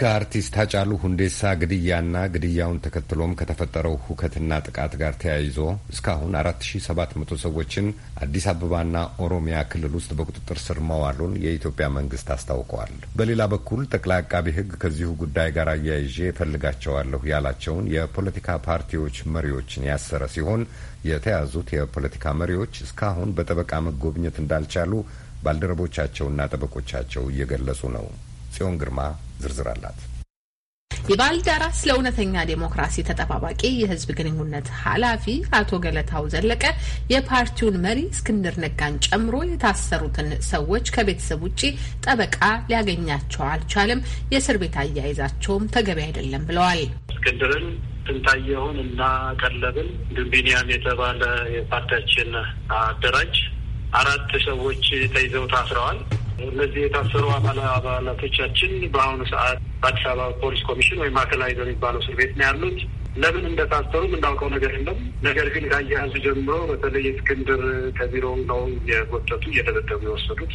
ከአርቲስት ሃጫሉ ሁንዴሳ ግድያና ግድያውን ተከትሎም ከተፈጠረው ሁከትና ጥቃት ጋር ተያይዞ እስካሁን 4700 ሰዎችን አዲስ አበባና ኦሮሚያ ክልል ውስጥ በቁጥጥር ስር መዋሉን የኢትዮጵያ መንግስት አስታውቀዋል። በሌላ በኩል ጠቅላይ አቃቢ ሕግ ከዚሁ ጉዳይ ጋር አያይዤ እፈልጋቸዋለሁ ያላቸውን የፖለቲካ ፓርቲዎች መሪዎችን ያሰረ ሲሆን የተያዙት የፖለቲካ መሪዎች እስካሁን በጠበቃ መጎብኘት እንዳልቻሉ ባልደረቦቻቸውና ጠበቆቻቸው እየገለጹ ነው። ጽዮን ግርማ ዝርዝር አላት። የባልደራ ስለ እውነተኛ ዴሞክራሲ ተጠባባቂ የህዝብ ግንኙነት ኃላፊ አቶ ገለታው ዘለቀ የፓርቲውን መሪ እስክንድር ነጋን ጨምሮ የታሰሩትን ሰዎች ከቤተሰብ ውጭ ጠበቃ ሊያገኛቸው አልቻለም፣ የእስር ቤት አያይዛቸውም ተገቢ አይደለም ብለዋል። እስክንድርን ስንታየሁን እና ቀለብን እንዲሁም የተባለ የፓርቲያችን አደራጅ አራት ሰዎች ተይዘው ታስረዋል። እነዚህ የታሰሩ አባል አባላቶቻችን በአሁኑ ሰዓት በአዲስ አበባ ፖሊስ ኮሚሽን ወይም ማዕከላዊ በሚባለው እስር ቤት ነው ያሉት። ለምን እንደታሰሩ የምናውቀው ነገር የለም። ነገር ግን ከአያያዙ ጀምሮ በተለይ እስክንድር ከቢሮ ነው የጎተቱ እየደበደቡ የወሰዱት።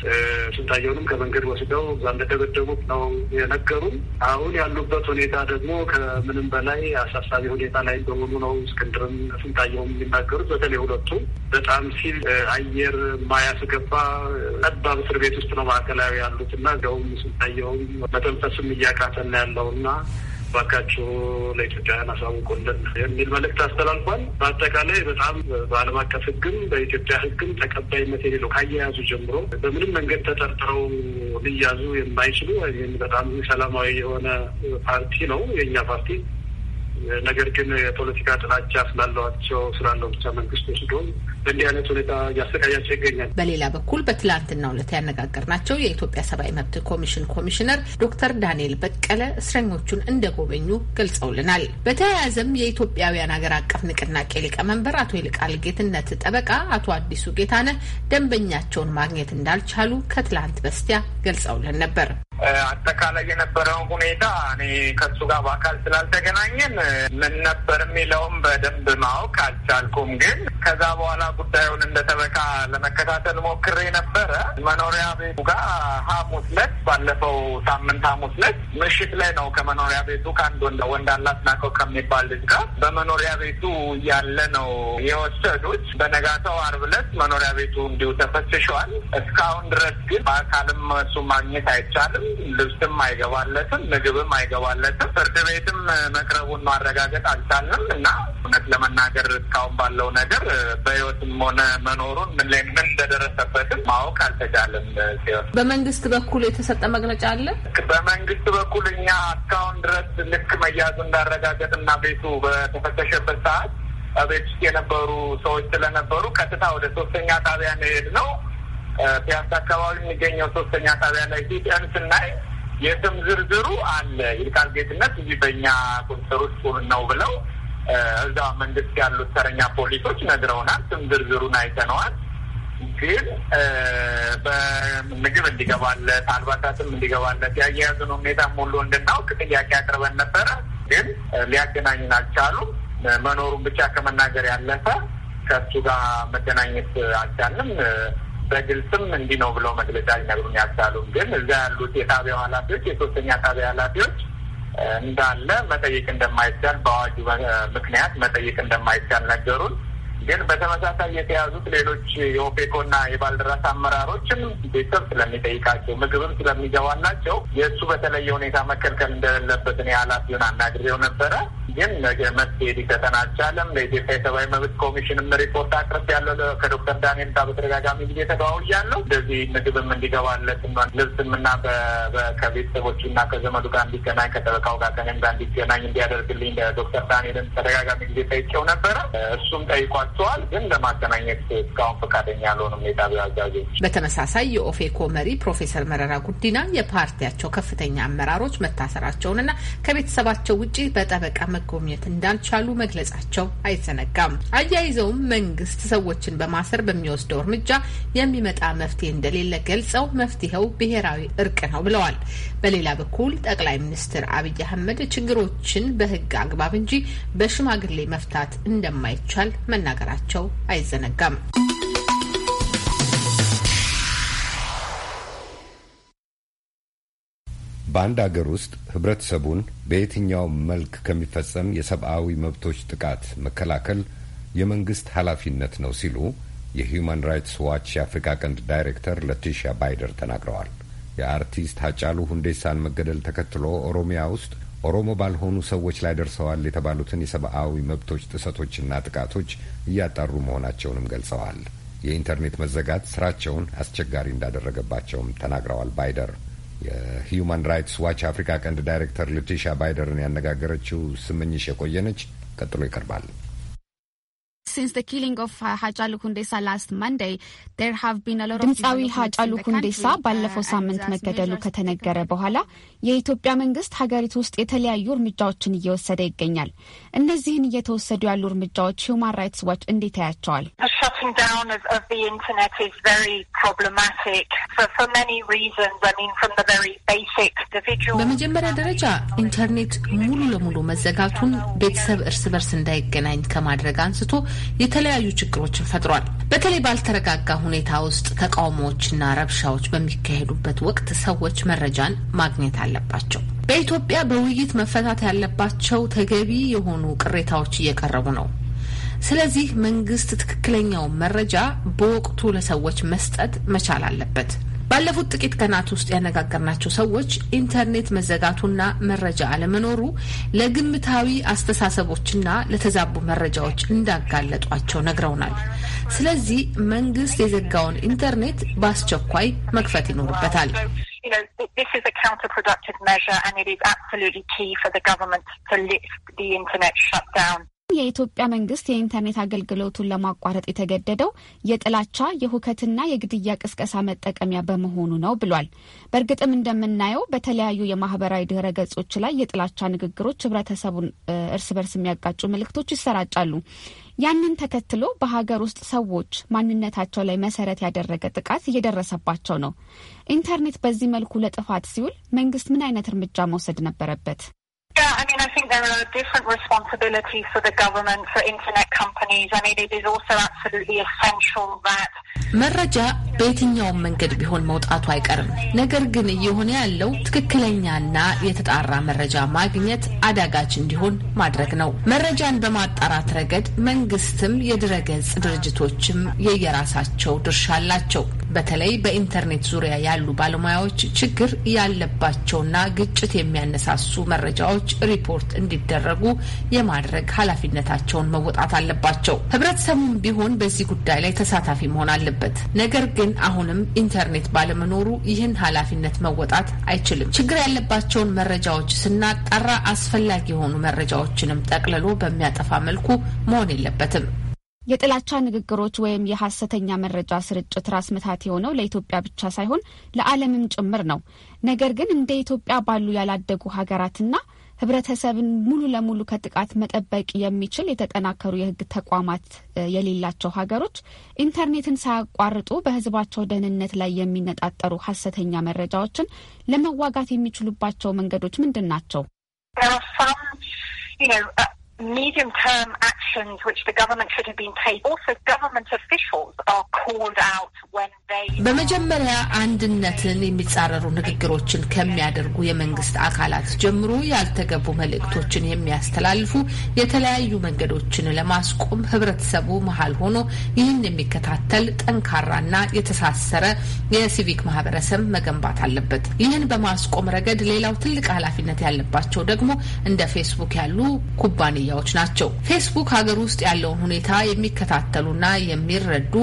ስንታየውንም ከመንገድ ወስደው እዛ እንደደበደቡት ነው የነገሩም። አሁን ያሉበት ሁኔታ ደግሞ ከምንም በላይ አሳሳቢ ሁኔታ ላይ በሆኑ ነው እስክንድርም ስንታየውም የሚናገሩት። በተለይ ሁለቱ በጣም ሲል አየር ማያስገባ ጠባብ እስር ቤት ውስጥ ነው ማዕከላዊ ያሉት እና እንደውም ስንታየውም መተንፈስም እያቃተና እና ባካችሁ ለኢትዮጵያውያን አሳውቁልን የሚል መልእክት አስተላልፏል። በአጠቃላይ በጣም በዓለም አቀፍ ሕግም በኢትዮጵያ ሕግም ተቀባይነት የሌለው ካያያዙ ጀምሮ በምንም መንገድ ተጠርጥረው ሊያዙ የማይችሉ በጣም ሰላማዊ የሆነ ፓርቲ ነው የእኛ ፓርቲ ነገር ግን የፖለቲካ ጥላቻ ስላለዋቸው ስላለው ብቻ መንግስት ወስዶ በእንዲህ አይነት ሁኔታ እያሰቃያቸው ይገኛል። በሌላ በኩል በትላንትናው ዕለት ያነጋገርናቸው የኢትዮጵያ ሰብአዊ መብት ኮሚሽን ኮሚሽነር ዶክተር ዳንኤል በቀለ እስረኞቹን እንደጎበኙ ገልጸውልናል። በተያያዘም የኢትዮጵያውያን ሀገር አቀፍ ንቅናቄ ሊቀመንበር አቶ ይልቃል ጌትነት ጠበቃ አቶ አዲሱ ጌታነህ ደንበኛቸውን ማግኘት እንዳልቻሉ ከትላንት በስቲያ ገልጸውልን ነበር። አጠቃላይ የነበረውን ሁኔታ እኔ ከሱ ጋር በአካል ስላልተገናኘን ምን ነበር የሚለውም በደንብ ማወቅ አልቻልኩም። ግን ከዛ በኋላ ጉዳዩን እንደ ጠበቃ ለመከታተል ሞክሬ ነበረ። መኖሪያ ቤቱ ጋር ሐሙስ ዕለት ባለፈው ሳምንት ሐሙስ ዕለት ምሽት ላይ ነው ከመኖሪያ ቤቱ ከአንድ ወንድ አላስናቀው ከሚባል ልጅ ጋር በመኖሪያ ቤቱ እያለ ነው የወሰዱት። በነጋታው አርብ ዕለት መኖሪያ ቤቱ እንዲሁ ተፈትሸዋል። እስካሁን ድረስ ግን በአካልም እሱ ማግኘት አይቻልም። ልብስም አይገባለትም፣ ምግብም አይገባለትም። ፍርድ ቤትም መቅረቡን ማረጋገጥ አልቻለም እና እውነት ለመናገር እስካሁን ባለው ነገር በህይወትም ሆነ መኖሩን ምን ላይ ምን እንደደረሰበትም ማወቅ አልተቻለም። ሲሆን በመንግስት በኩል የተሰጠ መግለጫ አለ። በመንግስት በኩል እኛ እስካሁን ድረስ ልክ መያዙ እንዳረጋገጥ እና ቤቱ በተፈተሸበት ሰዓት ቤት ውስጥ የነበሩ ሰዎች ስለነበሩ ቀጥታ ወደ ሶስተኛ ጣቢያ መሄድ ነው ፒያሳ አካባቢ የሚገኘው ሶስተኛ ጣቢያ ላይ ሂደን ስናይ የስም ዝርዝሩ አለ። ይልቃል ጌትነት እዚህ በእኛ ቁጥጥር ውስጥ ነው ብለው እዛ መንግስት ያሉት ተረኛ ፖሊሶች ነግረውናል። ስም ዝርዝሩን አይተነዋል። ግን በምግብ እንዲገባለት አልባሳትም እንዲገባለት ያያያዝን ሁኔታ ሞሎ እንድናውቅ ጥያቄ አቅርበን ነበረ። ግን ሊያገናኙን አልቻሉም። መኖሩን ብቻ ከመናገር ያለፈ ከእሱ ጋር መገናኘት አልቻልም። በግልጽም እንዲህ ነው ብለው መግለጫ ሊነግሩን ያልቻሉም፣ ግን እዛ ያሉት የጣቢያው ኃላፊዎች የሶስተኛ ጣቢያ ኃላፊዎች እንዳለ መጠየቅ እንደማይቻል በአዋጁ ምክንያት መጠየቅ እንደማይቻል ነገሩን። ግን በተመሳሳይ የተያዙት ሌሎች የኦፔኮና የባልደራስ አመራሮችም ቤተሰብ ስለሚጠይቃቸው ምግብም ስለሚገባላቸው የእሱ በተለየ ሁኔታ መከልከል እንደሌለበት እኔ ኃላፊውን አናግሬው ነበረ። ግን ነገ መፍትሄ ሊሰጠን አልቻለም። ለኢትዮጵያ የሰብአዊ መብት ኮሚሽንም ሪፖርት አቅርብ ያለው ከዶክተር ዳንኤል ጋር በተደጋጋሚ ጊዜ ተደዋውያለሁ። እንደዚህ ምግብም እንዲገባለት ልብስም እና ከቤተሰቦች እና ከዘመዱ ጋር እንዲገናኝ ከጠበቃው ጋር ከኔም ጋር እንዲገናኝ እንዲያደርግልኝ ለዶክተር ዳንኤልም ተደጋጋሚ ጊዜ ጠይቄው ነበረ። እሱም ጠይቋቸዋል፣ ግን ለማገናኘት እስካሁን ፈቃደኛ ያልሆኑም የጣቢያ አዛዦች። በተመሳሳይ የኦፌኮ መሪ ፕሮፌሰር መረራ ጉዲና የፓርቲያቸው ከፍተኛ አመራሮች መታሰራቸውንና ከቤተሰባቸው ውጭ በጠበቃ መጎብኘት እንዳልቻሉ መግለጻቸው አይዘነጋም። አያይዘውም መንግስት ሰዎችን በማሰር በሚወስደው እርምጃ የሚመጣ መፍትሄ እንደሌለ ገልጸው መፍትሄው ብሔራዊ እርቅ ነው ብለዋል። በሌላ በኩል ጠቅላይ ሚኒስትር አብይ አህመድ ችግሮችን በህግ አግባብ እንጂ በሽማግሌ መፍታት እንደማይቻል መናገራቸው አይዘነጋም። በአንድ አገር ውስጥ ህብረተሰቡን በየትኛው መልክ ከሚፈጸም የሰብአዊ መብቶች ጥቃት መከላከል የመንግስት ኃላፊነት ነው ሲሉ የሂዩማን ራይትስ ዋች የአፍሪካ ቀንድ ዳይሬክተር ለቲሺያ ባይደር ተናግረዋል። የአርቲስት ሀጫሉ ሁንዴሳን መገደል ተከትሎ ኦሮሚያ ውስጥ ኦሮሞ ባልሆኑ ሰዎች ላይ ደርሰዋል የተባሉትን የሰብአዊ መብቶች ጥሰቶችና ጥቃቶች እያጣሩ መሆናቸውንም ገልጸዋል። የኢንተርኔት መዘጋት ስራቸውን አስቸጋሪ እንዳደረገባቸውም ተናግረዋል ባይደር የሂዩማን ራይትስ ዋች አፍሪካ ቀንድ ዳይሬክተር ልቲሻ ባይደርን ያነጋገረችው ስምኝሽ የቆየነች ቀጥሎ ይቀርባል። ድምፃዊ ሀጫሉ ሁንዴሳ uh, ባለፈው ሳምንት መገደሉ ከተነገረ በኋላ የኢትዮጵያ መንግስት ሀገሪቱ ውስጥ የተለያዩ እርምጃዎችን እየወሰደ ይገኛል። እነዚህን እየተወሰዱ ያሉ እርምጃዎች ሁማን ራይትስ ዋች እንዴት ያያቸዋል? በመጀመሪያ ደረጃ ኢንተርኔት ሙሉ ለሙሉ መዘጋቱን ቤተሰብ እርስ በርስ እንዳይገናኝ ከማድረግ አንስቶ የተለያዩ ችግሮችን ፈጥሯል። በተለይ ባልተረጋጋ ሁኔታ ውስጥ ተቃውሞዎችና ረብሻዎች በሚካሄዱበት ወቅት ሰዎች መረጃን ማግኘት አለባቸው። በኢትዮጵያ በውይይት መፈታት ያለባቸው ተገቢ የሆኑ ቅሬታዎች እየቀረቡ ነው። ስለዚህ መንግስት ትክክለኛውን መረጃ በወቅቱ ለሰዎች መስጠት መቻል አለበት። ባለፉት ጥቂት ቀናት ውስጥ ያነጋገርናቸው ሰዎች ኢንተርኔት መዘጋቱና መረጃ አለመኖሩ ለግምታዊ አስተሳሰቦችና ለተዛቡ መረጃዎች እንዳጋለጧቸው ነግረውናል። ስለዚህ መንግስት የዘጋውን ኢንተርኔት በአስቸኳይ መክፈት ይኖርበታል። የኢትዮጵያ መንግስት የኢንተርኔት አገልግሎቱን ለማቋረጥ የተገደደው የጥላቻ የሁከትና የግድያ ቅስቀሳ መጠቀሚያ በመሆኑ ነው ብሏል። በእርግጥም እንደምናየው በተለያዩ የማህበራዊ ድህረ ገጾች ላይ የጥላቻ ንግግሮች ህብረተሰቡን እርስ በርስ የሚያጋጩ ምልክቶች ይሰራጫሉ። ያንን ተከትሎ በሀገር ውስጥ ሰዎች ማንነታቸው ላይ መሰረት ያደረገ ጥቃት እየደረሰባቸው ነው። ኢንተርኔት በዚህ መልኩ ለጥፋት ሲውል መንግስት ምን አይነት እርምጃ መውሰድ ነበረበት? መረጃ በየትኛውም መንገድ ቢሆን መውጣቱ አይቀርም። ነገር ግን እየሆነ ያለው ትክክለኛና የተጣራ መረጃ ማግኘት አዳጋች እንዲሆን ማድረግ ነው። መረጃን በማጣራት ረገድ መንግስትም የድረገጽ ድርጅቶችም የየራሳቸው ድርሻ አላቸው። በተለይ በኢንተርኔት ዙሪያ ያሉ ባለሙያዎች ችግር ያለባቸውና ግጭት የሚያነሳሱ መረጃዎች ሪፖርት እንዲደረጉ የማድረግ ኃላፊነታቸውን መወጣት አለባቸው። ህብረተሰቡም ቢሆን በዚህ ጉዳይ ላይ ተሳታፊ መሆን አለበት። ነገር ግን አሁንም ኢንተርኔት ባለመኖሩ ይህን ኃላፊነት መወጣት አይችልም። ችግር ያለባቸውን መረጃዎች ስናጣራ አስፈላጊ የሆኑ መረጃዎችንም ጠቅልሎ በሚያጠፋ መልኩ መሆን የለበትም። የጥላቻ ንግግሮች ወይም የሐሰተኛ መረጃ ስርጭት ራስ ምታት የሆነው ለኢትዮጵያ ብቻ ሳይሆን ለዓለምም ጭምር ነው። ነገር ግን እንደ ኢትዮጵያ ባሉ ያላደጉ ሀገራትና ህብረተሰብን ሙሉ ለሙሉ ከጥቃት መጠበቅ የሚችል የተጠናከሩ የህግ ተቋማት የሌላቸው ሀገሮች ኢንተርኔትን ሳያቋርጡ በህዝባቸው ደህንነት ላይ የሚነጣጠሩ ሀሰተኛ መረጃዎችን ለመዋጋት የሚችሉባቸው መንገዶች ምንድን ናቸው? medium-term actions which the government should have been taking. Also, government officials are called out when they... በመጀመሪያ አንድነትን የሚጻረሩ ንግግሮችን ከሚያደርጉ የመንግስት አካላት ጀምሮ ያልተገቡ መልእክቶችን የሚያስተላልፉ የተለያዩ መንገዶችን ለማስቆም ህብረተሰቡ መሀል ሆኖ ይህን የሚከታተል ጠንካራና የተሳሰረ የሲቪክ ማህበረሰብ መገንባት አለበት። ይህን በማስቆም ረገድ ሌላው ትልቅ ኃላፊነት ያለባቸው ደግሞ እንደ ፌስቡክ ያሉ ኩባንያ ዝርያዎች ናቸው። ፌስቡክ ሀገር ውስጥ ያለውን ሁኔታ የሚከታተሉና የሚረዱ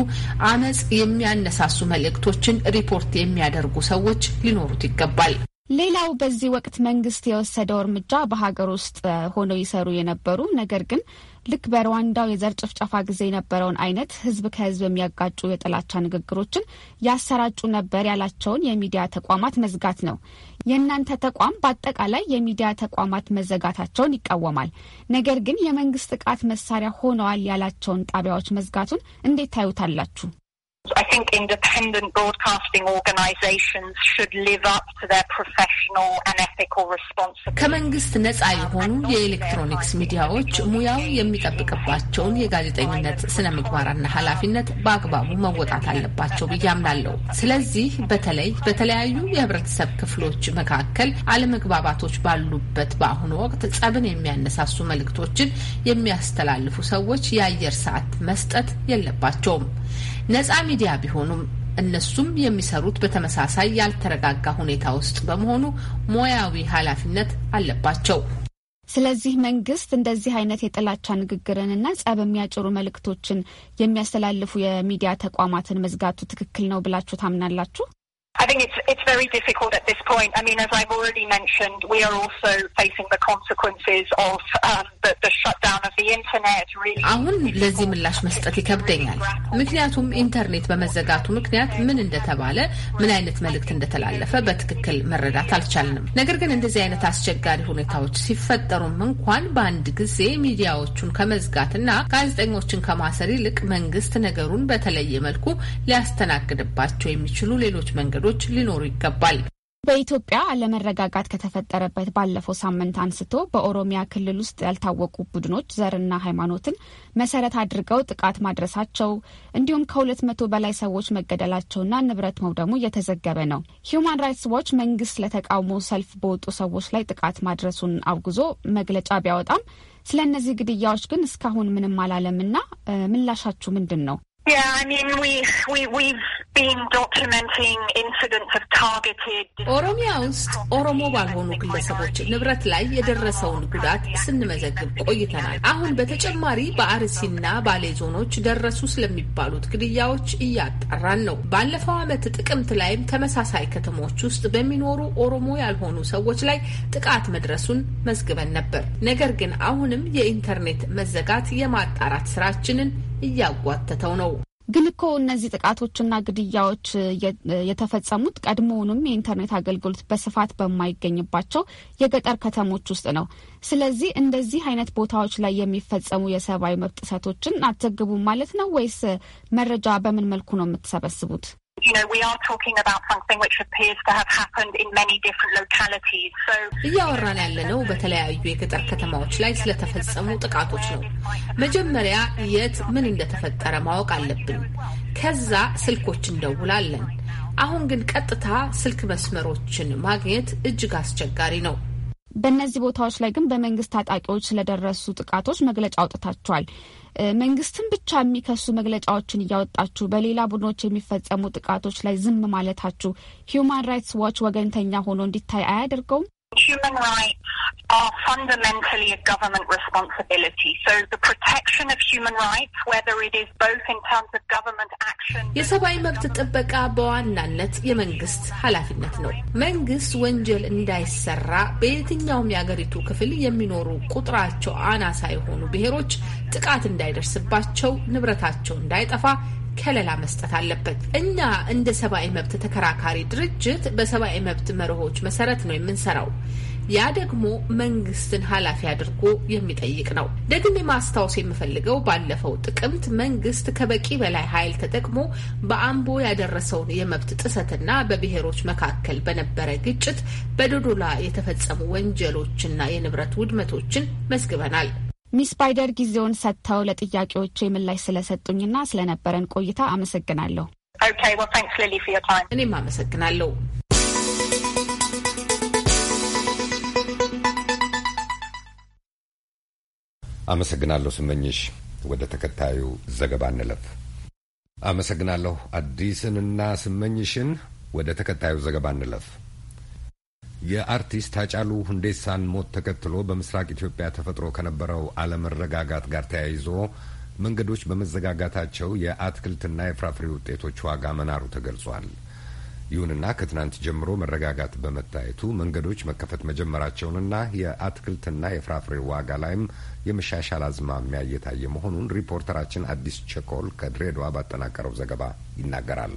አመጽ የሚያነሳሱ መልእክቶችን ሪፖርት የሚያደርጉ ሰዎች ሊኖሩት ይገባል። ሌላው በዚህ ወቅት መንግስት የወሰደው እርምጃ በሀገር ውስጥ ሆነው ይሰሩ የነበሩ ነገር ግን ልክ በሩዋንዳው የዘር ጭፍጨፋ ጊዜ የነበረውን አይነት ህዝብ ከህዝብ የሚያጋጩ የጥላቻ ንግግሮችን ያሰራጩ ነበር ያላቸውን የሚዲያ ተቋማት መዝጋት ነው። የእናንተ ተቋም በአጠቃላይ የሚዲያ ተቋማት መዘጋታቸውን ይቃወማል። ነገር ግን የመንግስት ጥቃት መሳሪያ ሆነዋል ያላቸውን ጣቢያዎች መዝጋቱን እንዴት ታዩታላችሁ? I think independent broadcasting organizations should live up to their professional and ethical responsibility. ከመንግስት ነጻ የሆኑ የኤሌክትሮኒክስ ሚዲያዎች ሙያው የሚጠብቅባቸውን የጋዜጠኝነት ስነ ምግባርና ኃላፊነት በአግባቡ መወጣት አለባቸው ብዬ አምናለሁ። ስለዚህ በተለይ በተለያዩ የህብረተሰብ ክፍሎች መካከል አለመግባባቶች ባሉበት በአሁኑ ወቅት ጸብን የሚያነሳሱ መልእክቶችን የሚያስተላልፉ ሰዎች የአየር ሰዓት መስጠት የለባቸውም። ነጻ ሚዲያ ቢሆኑም እነሱም የሚሰሩት በተመሳሳይ ያልተረጋጋ ሁኔታ ውስጥ በመሆኑ ሙያዊ ኃላፊነት አለባቸው። ስለዚህ መንግስት እንደዚህ አይነት የጥላቻ ንግግርንና ጸብ የሚያጭሩ መልእክቶችን የሚያስተላልፉ የሚዲያ ተቋማትን መዝጋቱ ትክክል ነው ብላችሁ ታምናላችሁ? I think it's it's very difficult at this point. I mean, as I've already mentioned, we are also facing the consequences of um, the, the shutdown of the internet. Really, አሁን ለዚህ ምላሽ መስጠት ይከብደኛል። ምክንያቱም ኢንተርኔት በመዘጋቱ ምክንያት ምን እንደተባለ ምን አይነት መልእክት እንደተላለፈ በትክክል መረዳት አልቻልንም። ነገር ግን እንደዚህ አይነት አስቸጋሪ ሁኔታዎች ሲፈጠሩም እንኳን በአንድ ጊዜ ሚዲያዎቹን ከመዝጋትና ጋዜጠኞችን ከማሰር ይልቅ መንግስት ነገሩን በተለየ መልኩ ሊያስተናግድባቸው የሚችሉ ሌሎች መንገዶች ችግሮች ሊኖሩ ይገባል። በኢትዮጵያ አለመረጋጋት ከተፈጠረበት ባለፈው ሳምንት አንስቶ በኦሮሚያ ክልል ውስጥ ያልታወቁ ቡድኖች ዘርና ሃይማኖትን መሰረት አድርገው ጥቃት ማድረሳቸው እንዲሁም ከሁለት መቶ በላይ ሰዎች መገደላቸውና ንብረት መውደሙ እየተዘገበ ነው። ሂዩማን ራይትስ ዎች መንግስት ለተቃውሞ ሰልፍ በወጡ ሰዎች ላይ ጥቃት ማድረሱን አውግዞ መግለጫ ቢያወጣም ስለ እነዚህ ግድያዎች ግን እስካሁን ምንም አላለምና ምላሻችሁ ምንድን ነው? ኦሮሚያ ውስጥ ኦሮሞ ባልሆኑ ግለሰቦች ንብረት ላይ የደረሰውን ጉዳት ስንመዘግብ ቆይተናል። አሁን በተጨማሪ በአርሲና ባሌ ዞኖች ደረሱ ስለሚባሉት ግድያዎች እያጣራን ነው። ባለፈው ዓመት ጥቅምት ላይም ተመሳሳይ ከተሞች ውስጥ በሚኖሩ ኦሮሞ ያልሆኑ ሰዎች ላይ ጥቃት መድረሱን መዝግበን ነበር። ነገር ግን አሁንም የኢንተርኔት መዘጋት የማጣራት ስራችንን እያጓተተው ነው። ግን እኮ እነዚህ ጥቃቶችና ግድያዎች የተፈጸሙት ቀድሞውንም የኢንተርኔት አገልግሎት በስፋት በማይገኝባቸው የገጠር ከተሞች ውስጥ ነው። ስለዚህ እንደዚህ አይነት ቦታዎች ላይ የሚፈጸሙ የሰብአዊ መብት ጥሰቶችን አትዘግቡም ማለት ነው ወይስ መረጃ በምን መልኩ ነው የምትሰበስቡት? እያወራን ያለነው በተለያዩ የገጠር ከተማዎች ላይ ስለተፈጸሙ ጥቃቶች ነው። መጀመሪያ የት ምን እንደተፈጠረ ማወቅ አለብን። ከዛ ስልኮች እንደውላለን። አሁን ግን ቀጥታ ስልክ መስመሮችን ማግኘት እጅግ አስቸጋሪ ነው። በእነዚህ ቦታዎች ላይ ግን በመንግስት ታጣቂዎች ስለደረሱ ጥቃቶች መግለጫ አውጥታቸዋል። መንግስትን ብቻ የሚከሱ መግለጫዎችን እያወጣችሁ በሌላ ቡድኖች የሚፈጸሙ ጥቃቶች ላይ ዝም ማለታችሁ ሂዩማን ራይትስ ዋች ወገንተኛ ሆኖ እንዲታይ አያደርገውም? Human rights are fundamentally a government responsibility. So the protection of human rights, whether it is both in terms of government action... የሰብአዊ መብት ጥበቃ በዋናነት የመንግስት ኃላፊነት ነው። መንግስት ወንጀል እንዳይሰራ በየትኛውም የአገሪቱ ክፍል የሚኖሩ ቁጥራቸው አናሳ የሆኑ ብሔሮች ጥቃት እንዳይደርስባቸው፣ ንብረታቸው እንዳይጠፋ ከለላ መስጠት አለበት። እኛ እንደ ሰብአዊ መብት ተከራካሪ ድርጅት በሰብአዊ መብት መርሆች መሰረት ነው የምንሰራው። ያ ደግሞ መንግስትን ኃላፊ አድርጎ የሚጠይቅ ነው። ደግሜ ማስታወስ የምፈልገው ባለፈው ጥቅምት መንግስት ከበቂ በላይ ኃይል ተጠቅሞ በአምቦ ያደረሰውን የመብት ጥሰትና በብሔሮች መካከል በነበረ ግጭት በዶዶላ የተፈጸሙ ወንጀሎችና የንብረት ውድመቶችን መዝግበናል። ሚስ ባይደር ጊዜውን ሰጥተው ለጥያቄዎቹ የምላሽ ስለሰጡኝና ስለነበረን ቆይታ አመሰግናለሁ። እኔም አመሰግናለሁ። አመሰግናለሁ ስመኝሽ። ወደ ተከታዩ ዘገባ እንለፍ። አመሰግናለሁ አዲስንና ስመኝሽን። ወደ ተከታዩ ዘገባ እንለፍ። የአርቲስት ሃጫሉ ሁንዴሳን ሞት ተከትሎ በምስራቅ ኢትዮጵያ ተፈጥሮ ከነበረው አለመረጋጋት ጋር ተያይዞ መንገዶች በመዘጋጋታቸው የአትክልትና የፍራፍሬ ውጤቶች ዋጋ መናሩ ተገልጿል። ይሁንና ከትናንት ጀምሮ መረጋጋት በመታየቱ መንገዶች መከፈት መጀመራቸውንና የአትክልትና የፍራፍሬ ዋጋ ላይም የመሻሻል አዝማሚያ እየታየ መሆኑን ሪፖርተራችን አዲስ ቸኮል ከድሬዳዋ ባጠናቀረው ዘገባ ይናገራል።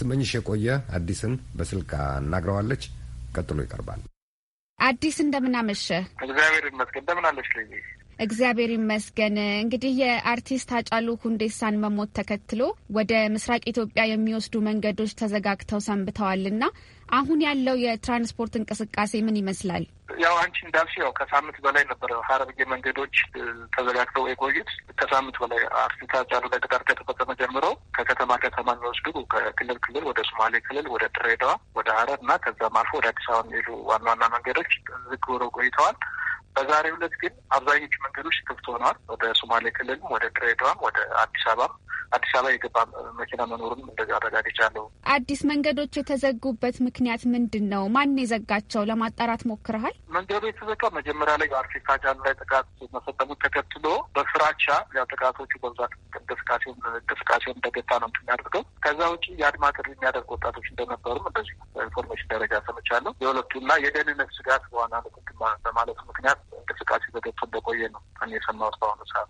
ስመኝሽ የቆየ አዲስን በስልክ አናግረዋለች። ቀጥሎ ይቀርባል። አዲስ እንደምናመሸ እግዚአብሔር ይመስገን። እንደምናለች ልኝ እግዚአብሔር ይመስገን። እንግዲህ የአርቲስት አጫሉ ሁንዴሳን መሞት ተከትሎ ወደ ምስራቅ ኢትዮጵያ የሚወስዱ መንገዶች ተዘጋግተው ሰንብተዋልና አሁን ያለው የትራንስፖርት እንቅስቃሴ ምን ይመስላል? ያው አንቺ እንዳልሽ ያው ከሳምንት በላይ ነበረ ሀረርጌ መንገዶች ተዘጋግተው የቆዩት ከሳምንት በላይ አርሲታ ጫሉ ላይ ቅጣት ከተፈጸመ ጀምሮ ከከተማ ከተማ የሚወስዱ ከክልል ክልል ወደ ሶማሌ ክልል ወደ ድሬዳዋ ወደ ሀረር እና ከዛም አልፎ ወደ አዲስ አበባ የሚሄዱ ዋና ዋና መንገዶች ዝግ ብለው ቆይተዋል። በዛሬው ዕለት ግን አብዛኞቹ መንገዶች ክፍት ሆነዋል። ወደ ሶማሌ ክልልም ወደ ድሬዳዋም ወደ አዲስ አበባም አዲስ አበባ የገባ መኪና መኖሩን እንደዚ አረጋግጫለሁ። አዲስ መንገዶች የተዘጉበት ምክንያት ምንድን ነው? ማን የዘጋቸው? ለማጣራት ሞክረሃል? መንገዱ የተዘጋ መጀመሪያ ላይ የአርቲስት ላይ ጥቃት መፈጸሙ ተከትሎ በፍራቻ ጥቃቶቹ በብዛት እንቅስቃሴውን እንቅስቃሴውን እንደገታ ነው የሚያደርገው። ከዛ ውጭ የአድማ ጥሪ የሚያደርጉ ወጣቶች እንደነበሩም እንደዚሁ በኢንፎርሜሽን ደረጃ ሰምቻለሁ። የሁለቱና የደህንነት ስጋት በዋናነት በማለቱ ምክንያት እንቅስቃሴ ተገብቶ በቆየ ነው እኔ የሰማሁት። በአሁኑ ሰዓት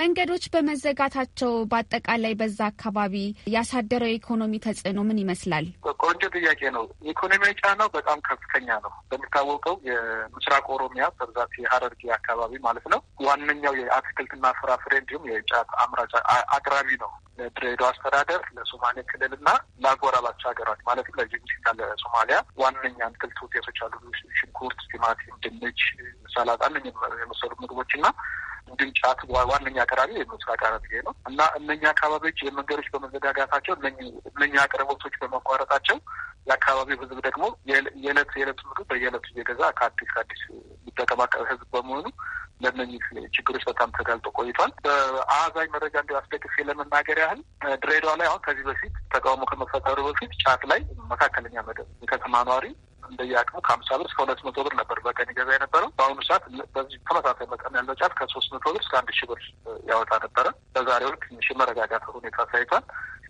መንገዶች በመዘጋታቸው በአጠቃላይ በዛ አካባቢ ያሳደረው የኢኮኖሚ ተጽዕኖ ምን ይመስላል? ቆንጆ ጥያቄ ነው። የኢኮኖሚ ጫናው በጣም ከፍተኛ ነው። በሚታወቀው የምስራቅ ኦሮሚያ በብዛት የሀረርጌ አካባቢ ማለት ነው ዋነኛው የአትክልትና ፍራፍሬ እንዲሁም የጫት አምራች አቅራቢ ነው። ለድሬዳዋ አስተዳደር ለሶማሌ ክልል ክልልና ለአጎራባቸው ሀገራት ማለትም ለጅቡቲና ለሶማሊያ ዋነኛ አትክልት ውጤቶች አሉ። ሽንኩርት፣ ቲማቲም፣ ድንች፣ ሰላጣ የመሰሉ ምግቦች እና ግንጭ አክቧ ዋነኛ አቅራቢ የምስራቅ ሐረርጌ ነው እና እነኛ አካባቢዎች የመንገዶች በመዘጋጋታቸው እነኛ አቅርቦቶች በመቋረጣቸው የአካባቢው ህዝብ ደግሞ የዕለት የዕለት ምግብ በየዕለቱ እየገዛ ከአዲስ ከአዲስ የሚጠቀም ህዝብ በመሆኑ ለእነኚህ ችግሮች በጣም ተጋልጦ ቆይቷል። በአዛኝ መረጃ እንዲ አስደግፌ ለመናገር ያህል ድሬዳዋ ላይ አሁን ከዚህ በፊት ተቃውሞ ከመፈጠሩ በፊት ጫት ላይ መካከለኛ መደብ የከተማ ነዋሪ እንደየ አቅሙ ከሀምሳ ብር እስከ ሁለት መቶ ብር ነበር በቀን ይገዛ የነበረው። በአሁኑ ሰዓት በዚህ ተመሳሳይ መጠን ያለው ጫት ከሶስት መቶ ብር እስከ አንድ ሺ ብር ያወጣ ነበረ። በዛሬው ትንሽ መረጋጋት ሁኔታ ሳይቷል።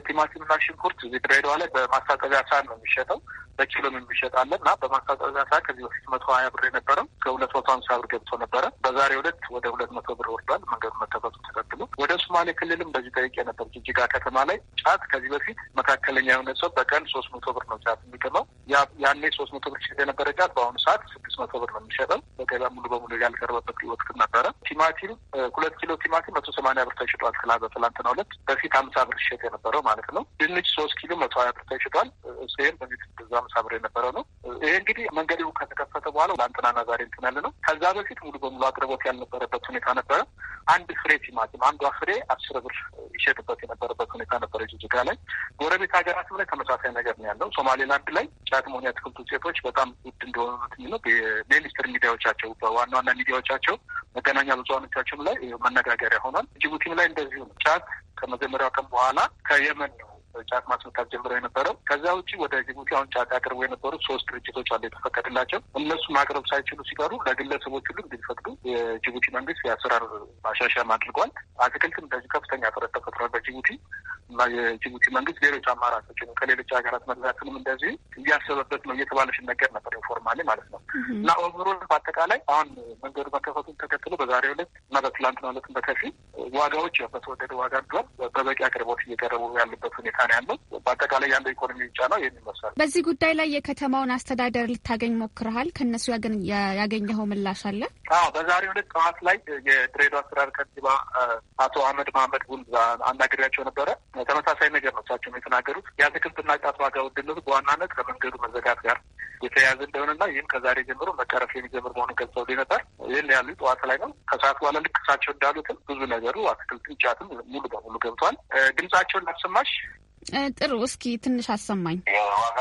ቲማቲምና ሽንኩርት እዚህ ድሬዳዋ ላይ በማስታጠቢያ ሳህን ነው የሚሸጠው። በኪሎም የሚሸጥ እና በማስታጠቢያ ሳህን ከዚህ በፊት መቶ ሀያ ብር የነበረው ከሁለት መቶ ሀምሳ ብር ገብቶ ነበረ። በዛሬው ዕለት ወደ ሁለት መቶ ብር ወርዷል። መንገዱ መከፈቱ ተከትሎ ወደ ሶማሌ ክልልም በዚህ ጠይቄ ነበር። ጅጅጋ ከተማ ላይ ጫት ከዚህ በፊት መካከለኛ የሆነ ሰው በቀን ሶስት መቶ ብር ነው ጫት የሚገመው ያኔ ሶስት መቶ ብር ይሸጥ የነበረ ጃት በአሁኑ ሰዓት ስድስት መቶ ብር ነው የሚሸጠው። በገበያ ሙሉ በሙሉ ያልቀረበበት ወቅት ነበረ። ቲማቲም ሁለት ኪሎ ቲማቲም መቶ ሰማኒያ ብር ተሽጧል። ክላ በትላንትና ሁለት በፊት ሀምሳ ብር ሸጥ የነበረው ማለት ነው። ድንች ሶስት ኪሎ መቶ ሀያ ብር ተሽጧል። ይህም በፊት ብዙ ሀምሳ ብር የነበረ ነው። ይሄ እንግዲህ መንገዱ ከተከፈተ በኋላ ለአንጥናና ዛሬ እንትናል ነው። ከዛ በፊት ሙሉ በሙሉ አቅርቦት ያልነበረበት ሁኔታ ነበረ። አንድ ፍሬ ቲማቲም አንዷ ፍሬ አስር ብር ይሸጥበት የነበረበት ሁኔታ ነበረ ጅጅጋ ላይ። ጎረቤት ሀገራትም ላይ ተመሳሳይ ነገር ነው ያለው። ሶማሌላንድ ላይ የአትሞኒ አትክልት ውጤቶች በጣም ውድ እንደሆኑ ነው ሌሊስትር ሚዲያዎቻቸው በዋና ዋና ሚዲያዎቻቸው መገናኛ ብዙኃኖቻቸውም ላይ መነጋገሪያ ሆኗል። ጅቡቲም ላይ እንደዚሁ ነው። ጫት ከመጀመሪያው ቀን በኋላ ከየመን ነው ጫት ማስመታት ጀምረው የነበረው። ከዛ ውጭ ወደ ጅቡቲ አሁን ጫት ያቅርቡ የነበሩት ሶስት ድርጅቶች አሉ የተፈቀድላቸው። እነሱ ማቅረብ ሳይችሉ ሲቀሩ ለግለሰቦች ሁሉ እንዲፈቅዱ የጅቡቲ መንግስት የአሰራር ማሻሻያም አድርጓል። አትክልትም በዚህ ከፍተኛ ጥረት ተፈጥሯል በጅቡቲ እና የጅቡቲ መንግስት ሌሎች አማራጮችን ከሌሎች ሀገራት መግዛትንም እንደዚህ እያሰበበት ነው እየተባለሽ ነገር ነበር ኢንፎርማሊ ማለት ነው። እና ኦቨሮል በአጠቃላይ አሁን መንገዱ መከፈቱን ተከትሎ በዛሬው ዕለት እና በትላንትናው ዕለትም በከፊል ዋጋዎች በተወደደ ዋጋ እንዲሆን በበቂ አቅርቦት እየቀረቡ ያሉበት ሁኔታ ነው ያለው። በአጠቃላይ ያለው ኢኮኖሚ ብቻ ነው ይህን ይመስላል። በዚህ ጉዳይ ላይ የከተማውን አስተዳደር ልታገኝ ሞክረሃል? ከእነሱ ያገኘኸው ምላሽ አለ? በዛሬው ዕለት ጠዋት ላይ የድሬዳዋ አስተዳደር ከንቲባ አቶ አህመድ መሀመድ ቡን አናገሪያቸው ነበረ። ተመሳሳይ ነገር ነው እሳቸው የተናገሩት። የአትክልትና ጫት ዋጋ ውድነቱ በዋናነት ከመንገዱ መዘጋት ጋር የተያያዘ እንደሆነና ይህም ከዛሬ ጀምሮ መቀረፍ የሚጀምር መሆኑን ገልጸውልኝ ነበር። ይህን ያሉ ጠዋት ላይ ነው። ከሰዓት በኋላ ልክ እሳቸው እንዳሉትም ብዙ ነገሩ አትክልት ጫትም ሙሉ በሙሉ ገብቷል። ድምጻቸውን ላሰማሽ ጥሩ። እስኪ ትንሽ አሰማኝ። የዋጋ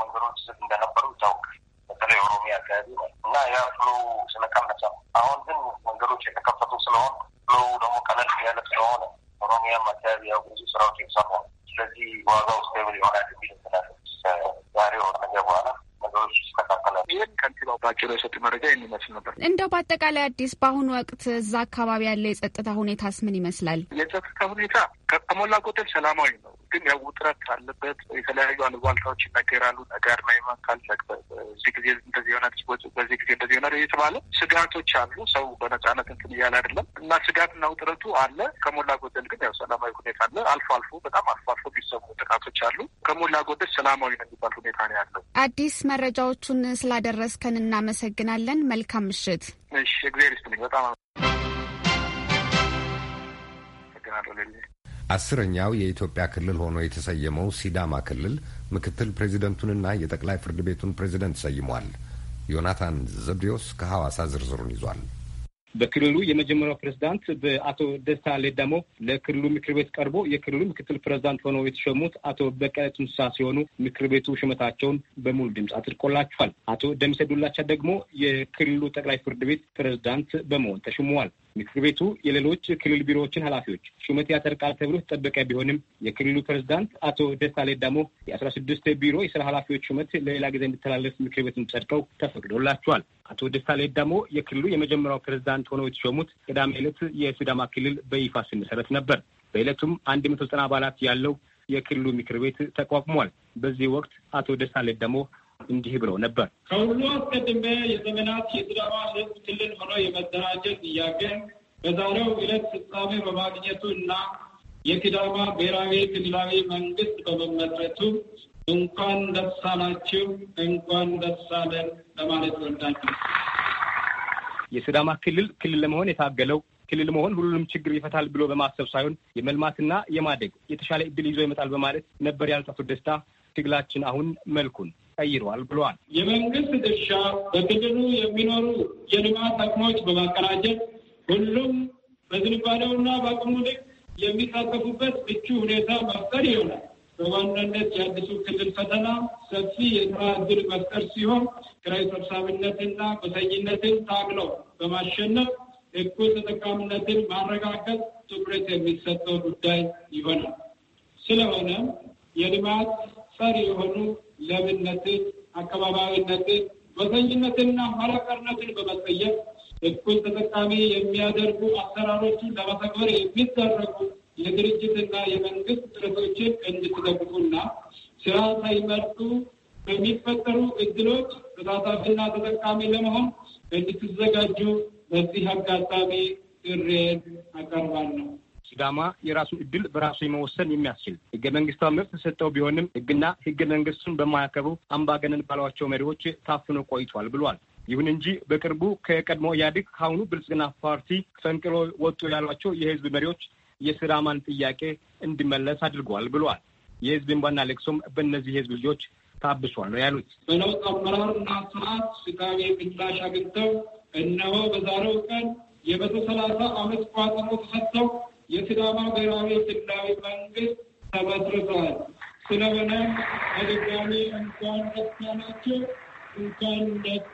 መንገዶች ዝግ እንደነበሩ ይታወቃል። በተለይ ኦሮሚያ አካባቢ እና ያ ፍሎ ስለቀነሰ አሁን ግን መንገዶች የተከፈቱ ስለሆነ ፍሎው ደግሞ ቀለል ያለ ስለሆነ ኦሮሚያም አካባቢ ያው ብዙ ስራዎች የተሰሩ ስለዚህ ዋጋው ስቴብል ይሆናል ዛሬ ወር ነገ በኋላ ይህን ነበር። እንደው በአጠቃላይ አዲስ በአሁኑ ወቅት እዛ አካባቢ ያለ የጸጥታ ሁኔታስ ምን ይመስላል? የጸጥታ ሁኔታ በሞላ ቁጥር ሰላማዊ ነው። ግን ያው ውጥረት አለበት። የተለያዩ አሉባልታዎች ይነገራሉ። ነገር ነው ይመካል። በዚህ ጊዜ እንደዚህ የሆነ በዚህ ጊዜ እንደዚህ የሆነ የተባለ ስጋቶች አሉ። ሰው በነጻነት እንትን እያለ አይደለም እና ስጋትና ውጥረቱ አለ። ከሞላ ጎደል ግን ያው ሰላማዊ ሁኔታ አለ። አልፎ አልፎ በጣም አልፎ አልፎ የሚሰሙ ጥቃቶች አሉ። ከሞላ ጎደል ሰላማዊ ነው የሚባል ሁኔታ ነው ያለው። አዲስ መረጃዎቹን ስላደረስከን እናመሰግናለን። መልካም ምሽት። እሺ፣ እግዚአብሔር ይስጥልኝ። በጣም አመሰግናለሁ። አስረኛው የኢትዮጵያ ክልል ሆኖ የተሰየመው ሲዳማ ክልል ምክትል ፕሬዚደንቱንና የጠቅላይ ፍርድ ቤቱን ፕሬዚደንት ሰይሟል። ዮናታን ዘብዴዎስ ከሐዋሳ ዝርዝሩን ይዟል። በክልሉ የመጀመሪያው ፕሬዚዳንት በአቶ ደስታ ሌዳሞ ለክልሉ ምክር ቤት ቀርቦ የክልሉ ምክትል ፕሬዚዳንት ሆነው የተሸሙት አቶ በቀለ ትንሳ ሲሆኑ ምክር ቤቱ ሽመታቸውን በሙሉ ድምፅ አጽድቆላቸዋል። አቶ ደምሴ ዱላቻ ደግሞ የክልሉ ጠቅላይ ፍርድ ቤት ፕሬዚዳንት በመሆን ተሽሟል። ምክር ቤቱ የሌሎች ክልል ቢሮዎችን ኃላፊዎች ሹመት ያጸድቃል ተብሎ ተጠበቀ ቢሆንም የክልሉ ፕሬዚዳንት አቶ ደስታ ሌዳሞ የአስራ ስድስት ቢሮ የስራ ኃላፊዎች ሹመት ለሌላ ጊዜ እንዲተላለፍ ምክር ቤቱን ጸድቀው ተፈቅዶላቸዋል። አቶ ደሳሌ ዳሞ የክልሉ የመጀመሪያው ፕሬዝዳንት ሆነው የተሾሙት ቅዳሜ ዕለት የሲዳማ ክልል በይፋ ሲመሰረት ነበር። በዕለቱም አንድ መቶ ዘጠና አባላት ያለው የክልሉ ምክር ቤት ተቋቁሟል። በዚህ ወቅት አቶ ደሳሌ ዳሞ እንዲህ ብለው ነበር። ከሁሉ አስቀድሜ የዘመናት የሲዳማ ሕዝብ ክልል ሆኖ የመደራጀት ጥያቄ በዛሬው ዕለት ፍጻሜ በማግኘቱ እና የሲዳማ ብሔራዊ ክልላዊ መንግስት በመመረቱ እንኳን ደስ አላችሁ፣ እንኳን ደስ አለን ለማለት ወዳችሁ። የሲዳማ ክልል ክልል ለመሆን የታገለው ክልል መሆን ሁሉንም ችግር ይፈታል ብሎ በማሰብ ሳይሆን የመልማትና የማደግ የተሻለ እድል ይዞ ይመጣል በማለት ነበር ያሉት አቶ ደስታ ትግላችን አሁን መልኩን ቀይረዋል ብለዋል። የመንግስት ድርሻ በክልሉ የሚኖሩ የልማት አቅሞች በማቀናጀት ሁሉም በዝንባሌውና በአቅሙ ልክ የሚሳተፉበት ምቹ ሁኔታ መፍጠር ይሆናል። በዋናነት የአዲሱ ክልል ፈተና ሰፊ የስራ እድል መፍጠር ሲሆን ክራይ ሰብሳቢነትና ቁሰኝነትን ታግለው በማሸነፍ እኩል ተጠቃሚነትን ማረጋገጥ ትኩረት የሚሰጠው ጉዳይ ይሆናል። ስለሆነም የልማት ጸር የሆኑ ለብነትን፣ አካባቢያዊነትን፣ ጎሰኝነትንና ኋላቀርነትን በመጠየቅ እኩል ተጠቃሚ የሚያደርጉ አሰራሮችን ለመተግበር የሚደረጉ የድርጅትና የመንግስት ጥረቶችን እንድትደግፉና ስራ ሳይመርጡ በሚፈጠሩ እድሎች ተሳታፊና ተጠቃሚ ለመሆን እንድትዘጋጁ በዚህ አጋጣሚ ጥሬን አቀርባለሁ። ሲዳማ የራሱን እድል በራሱ የመወሰን የሚያስችል ህገ መንግስታዊ መብት ተሰጠው ቢሆንም ህግና ህገ መንግስቱን በማያከብሩ አምባገነን ባሏቸው መሪዎች ታፍኖ ቆይቷል ብሏል። ይሁን እንጂ በቅርቡ ከቀድሞ ኢህአዴግ ከአሁኑ ብልጽግና ፓርቲ ፈንቅሎ ወጡ ያሏቸው የህዝብ መሪዎች የሲዳማን ጥያቄ እንዲመለስ አድርገዋል ብለዋል። የህዝብ እንባና ለቅሶም በእነዚህ የህዝብ ልጆች ታብሷል ነው ያሉት። በለውጥ አመራርና ስርዓት ስጋቤ ምላሽ አግኝተው እነሆ በዛሬው ቀን የመቶ ሰላሳ አመት ቋጥሮ ተሰጥተው የስዳማ ብሔራዊ ክልላዊ መንግስት ተመስርቷል። ስለሆነ በድጋሚ እንኳን ደስ ያላችሁ፣ እንኳን ደስ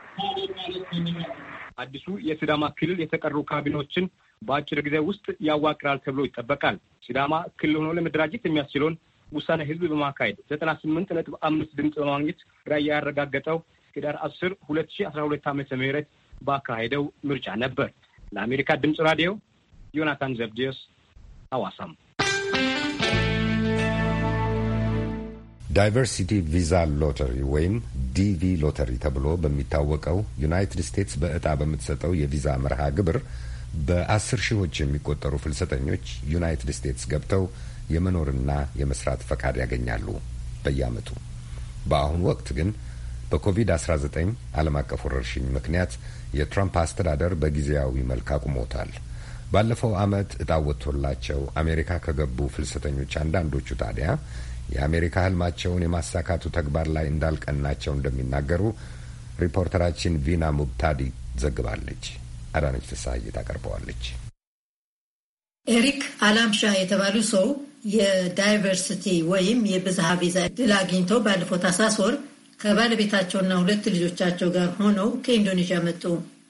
አዲሱ የሲዳማ ክልል የተቀሩ ካቢኖችን በአጭር ጊዜ ውስጥ ያዋቅራል ተብሎ ይጠበቃል። ሲዳማ ክልል ሆኖ ለመደራጀት የሚያስችለውን ውሳኔ ህዝብ በማካሄድ ዘጠና ስምንት ነጥብ አምስት ድምፅ በማግኘት ራዕይ ያረጋገጠው ህዳር አስር ሁለት ሺ አስራ ሁለት ዓመተ ምህረት ባካሄደው ምርጫ ነበር። ለአሜሪካ ድምፅ ራዲዮ ዮናታን ዘብዲዮስ ሐዋሳም ዳይቨርሲቲ ቪዛ ሎተሪ ወይም ዲቪ ሎተሪ ተብሎ በሚታወቀው ዩናይትድ ስቴትስ በእጣ በምትሰጠው የቪዛ መርሃ ግብር በአስር ሺዎች የሚቆጠሩ ፍልሰተኞች ዩናይትድ ስቴትስ ገብተው የመኖርና የመስራት ፈቃድ ያገኛሉ በየዓመቱ። በአሁኑ ወቅት ግን በኮቪድ-19 ዓለም አቀፍ ወረርሽኝ ምክንያት የትራምፕ አስተዳደር በጊዜያዊ መልክ አቁሞታል። ባለፈው ዓመት እጣ ወጥቶላቸው አሜሪካ ከገቡ ፍልሰተኞች አንዳንዶቹ ታዲያ የአሜሪካ ህልማቸውን የማሳካቱ ተግባር ላይ እንዳልቀናቸው እንደሚናገሩ ሪፖርተራችን ቪና ሙብታዲ ዘግባለች። አዳነች ፍስሐዬ ታቀርበዋለች። ኤሪክ አላምሻ የተባሉ ሰው የዳይቨርሲቲ ወይም የብዝሃ ቪዛ እድል አግኝተው ባለፈው ታህሳስ ወር ከባለቤታቸውና ሁለት ልጆቻቸው ጋር ሆነው ከኢንዶኔዥያ መጡ።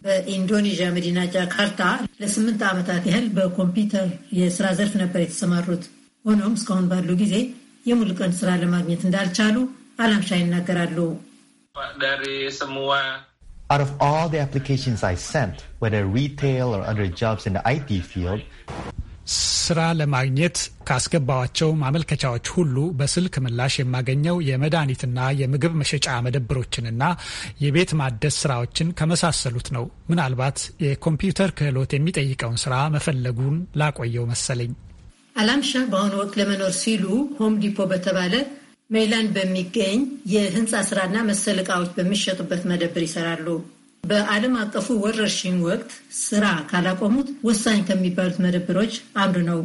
በኢንዶኔዥያ መዲና ጃካርታ ለስምንት ዓመታት ያህል በኮምፒውተር የስራ ዘርፍ ነበር የተሰማሩት። ሆኖም እስካሁን ባሉ ጊዜ የሙሉ ቀን ስራ ለማግኘት እንዳልቻሉ አላምሻ ይናገራሉ። Out of all the applications I sent, whether retail or other jobs in the IT field, ስራ ለማግኘት ካስገባዋቸው ማመልከቻዎች ሁሉ በስልክ ምላሽ የማገኘው የመድኃኒትና የምግብ መሸጫ መደብሮችንና የቤት ማደስ ስራዎችን ከመሳሰሉት ነው። ምናልባት የኮምፒውተር ክህሎት የሚጠይቀውን ስራ መፈለጉን ላቆየው መሰለኝ። አላምሻ በአሁኑ ወቅት ለመኖር ሲሉ ሆም ዲፖ በተባለ ሜላንድ በሚገኝ የህንፃ ስራና መሰል እቃዎች በሚሸጡበት መደብር ይሰራሉ። በዓለም አቀፉ ወረርሽኝ ወቅት ስራ ካላቆሙት ወሳኝ ከሚባሉት መደብሮች አንዱ ነው።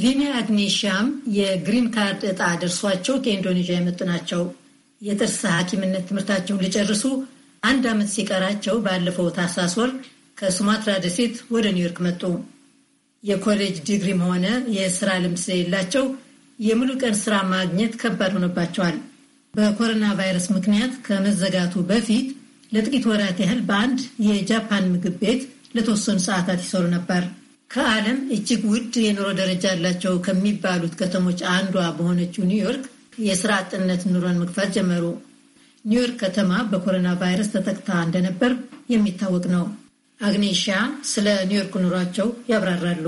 ቪኒ አግኔሽያም የግሪን ካርድ እጣ ደርሷቸው ከኢንዶኔዥያ የመጡ ናቸው። የጥርስ ሐኪምነት ትምህርታቸውን ሊጨርሱ አንድ ዓመት ሲቀራቸው ባለፈው ታህሳስ ወር ከሱማትራ ደሴት ወደ ኒውዮርክ መጡ። የኮሌጅ ዲግሪም ሆነ የስራ ልምድ ስለሌላቸው የሙሉ ቀን ስራ ማግኘት ከባድ ሆነባቸዋል። በኮሮና ቫይረስ ምክንያት ከመዘጋቱ በፊት ለጥቂት ወራት ያህል በአንድ የጃፓን ምግብ ቤት ለተወሰኑ ሰዓታት ይሰሩ ነበር። ከዓለም እጅግ ውድ የኑሮ ደረጃ ያላቸው ከሚባሉት ከተሞች አንዷ በሆነችው ኒውዮርክ የስራ አጥነት ኑሮን መግፋት ጀመሩ። ኒውዮርክ ከተማ በኮሮና ቫይረስ ተጠቅታ እንደነበር የሚታወቅ ነው። አግኔሻ ስለ ኒውዮርክ ኑሯቸው ያብራራሉ።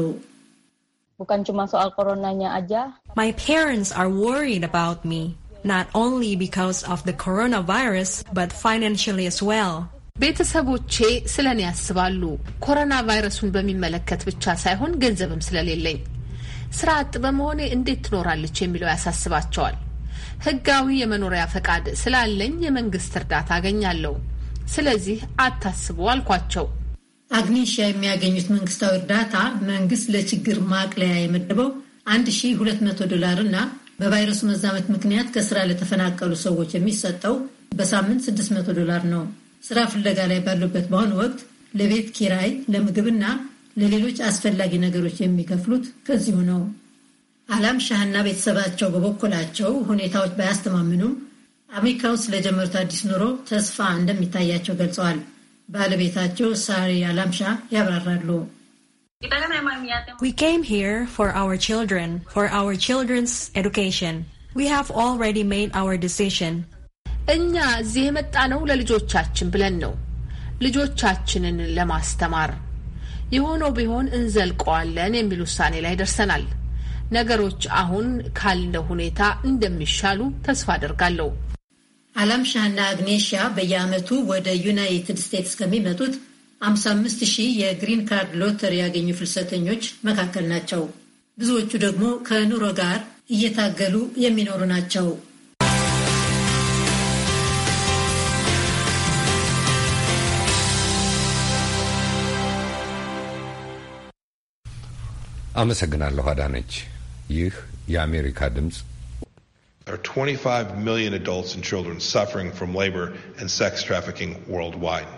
ቹማ ሶአል ኮሮናኛ አጃ ማይ ፓረንትስ አር ወሪድ አባውት ሚ ናት ኦንሊ ቢካውስ ኦፍ ዘ ኮሮና ቫይረስ በት ፋይናንሽሊ አስ ዌል ቤተሰቦቼ ስለ እኔ ያስባሉ። ኮሮና ቫይረሱን በሚመለከት ብቻ ሳይሆን ገንዘብም ስለሌለኝ ስራ አጥ በመሆኔ እንዴት ትኖራለች የሚለው ያሳስባቸዋል። ህጋዊ የመኖሪያ ፈቃድ ስላለኝ የመንግስት እርዳታ አገኛለሁ። ስለዚህ አታስቡ አልኳቸው። አግኒሽያ የሚያገኙት መንግስታዊ እርዳታ መንግስት ለችግር ማቅለያ የመደበው 1200 ዶላር እና በቫይረሱ መዛመት ምክንያት ከስራ ለተፈናቀሉ ሰዎች የሚሰጠው በሳምንት 600 ዶላር ነው። ስራ ፍለጋ ላይ ባሉበት በአሁኑ ወቅት ለቤት ኪራይ፣ ለምግብና ለሌሎች አስፈላጊ ነገሮች የሚከፍሉት ከዚሁ ነው። አላም ሻህና ቤተሰባቸው በበኩላቸው ሁኔታዎች ባያስተማምኑም አሜሪካ ውስጥ ለጀመሩት አዲስ ኑሮ ተስፋ እንደሚታያቸው ገልጸዋል። ባለቤታቸው ሳሪ አላምሻ ያብራራሉ። እኛ እዚህ የመጣ ነው ለልጆቻችን ብለን ነው፣ ልጆቻችንን ለማስተማር የሆነው ቢሆን እንዘልቀዋለን የሚል ውሳኔ ላይ ደርሰናል። ነገሮች አሁን ካለ ሁኔታ እንደሚሻሉ ተስፋ አደርጋለሁ። አላምሻና አግኔሽያ በየዓመቱ ወደ ዩናይትድ ስቴትስ ከሚመጡት 55 ሺህ የግሪን ካርድ ሎተሪ ያገኙ ፍልሰተኞች መካከል ናቸው። ብዙዎቹ ደግሞ ከኑሮ ጋር እየታገሉ የሚኖሩ ናቸው። አመሰግናለሁ አዳነች። ይህ የአሜሪካ ድምፅ There are 25 million adults and children suffering from labor and sex trafficking worldwide.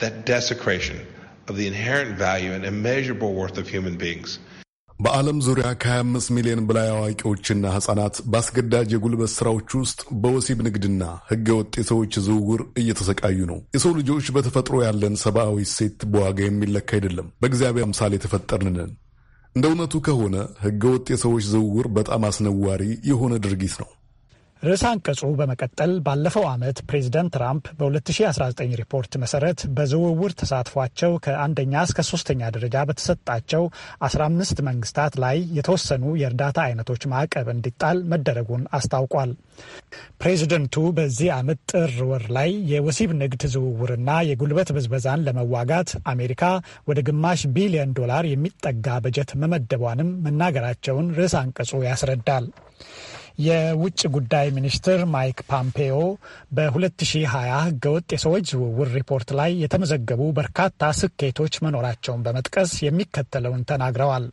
That desecration of the inherent value and immeasurable worth of human beings በዓለም ዙሪያ ከ25 ሚሊዮን በላይ አዋቂዎችና ሕፃናት በአስገዳጅ የጉልበት ሥራዎች ውስጥ በወሲብ ንግድና ሕገ ወጥ የሰዎች ዝውውር እየተሰቃዩ ነው። የሰው ልጆች በተፈጥሮ ያለን ሰብአዊ ሴት በዋጋ የሚለካ አይደለም። በእግዚአብሔር አምሳል የተፈጠርንን እንደ እውነቱ ከሆነ ህገወጥ የሰዎች ዝውውር በጣም አስነዋሪ የሆነ ድርጊት ነው። ርዕሰ አንቀጹ በመቀጠል ባለፈው ዓመት ፕሬዚደንት ትራምፕ በ2019 ሪፖርት መሰረት በዝውውር ተሳትፏቸው ከአንደኛ እስከ ሶስተኛ ደረጃ በተሰጣቸው 15 መንግስታት ላይ የተወሰኑ የእርዳታ አይነቶች ማዕቀብ እንዲጣል መደረጉን አስታውቋል። ፕሬዚደንቱ በዚህ ዓመት ጥር ወር ላይ የወሲብ ንግድ ዝውውርና የጉልበት ብዝበዛን ለመዋጋት አሜሪካ ወደ ግማሽ ቢሊዮን ዶላር የሚጠጋ በጀት መመደቧንም መናገራቸውን ርዕሰ አንቀጹ ያስረዳል። የውጭ ጉዳይ ሚኒስትር ማይክ ፖምፔዮ በ2020 ህገወጥ የሰዎች ዝውውር ሪፖርት ላይ የተመዘገቡ በርካታ ስኬቶች መኖራቸውን በመጥቀስ የሚከተለውን ተናግረዋል።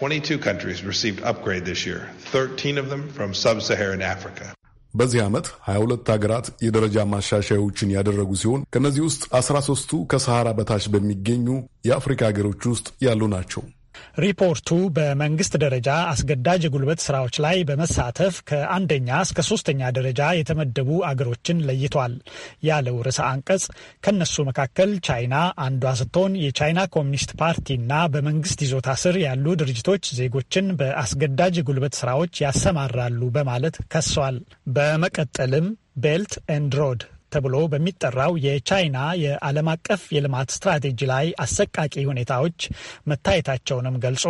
22 countries received upgrade this year, 13 of them from sub-Saharan Africa. በዚህ ዓመት 22 ሀገራት የደረጃ ማሻሻያዎችን ያደረጉ ሲሆን ከእነዚህ ውስጥ 13ቱ ከሰሃራ በታች በሚገኙ የአፍሪካ ሀገሮች ውስጥ ያሉ ናቸው። ሪፖርቱ በመንግስት ደረጃ አስገዳጅ የጉልበት ስራዎች ላይ በመሳተፍ ከአንደኛ እስከ ሶስተኛ ደረጃ የተመደቡ አገሮችን ለይቷል ያለው ርዕሰ አንቀጽ ከነሱ መካከል ቻይና አንዷ ስትሆን የቻይና ኮሚኒስት ፓርቲ እና በመንግስት ይዞታ ስር ያሉ ድርጅቶች ዜጎችን በአስገዳጅ የጉልበት ስራዎች ያሰማራሉ በማለት ከሷል። በመቀጠልም ቤልት ኤንድ ሮድ ተብሎ በሚጠራው የቻይና የዓለም አቀፍ የልማት ስትራቴጂ ላይ አሰቃቂ ሁኔታዎች መታየታቸውንም ገልጾ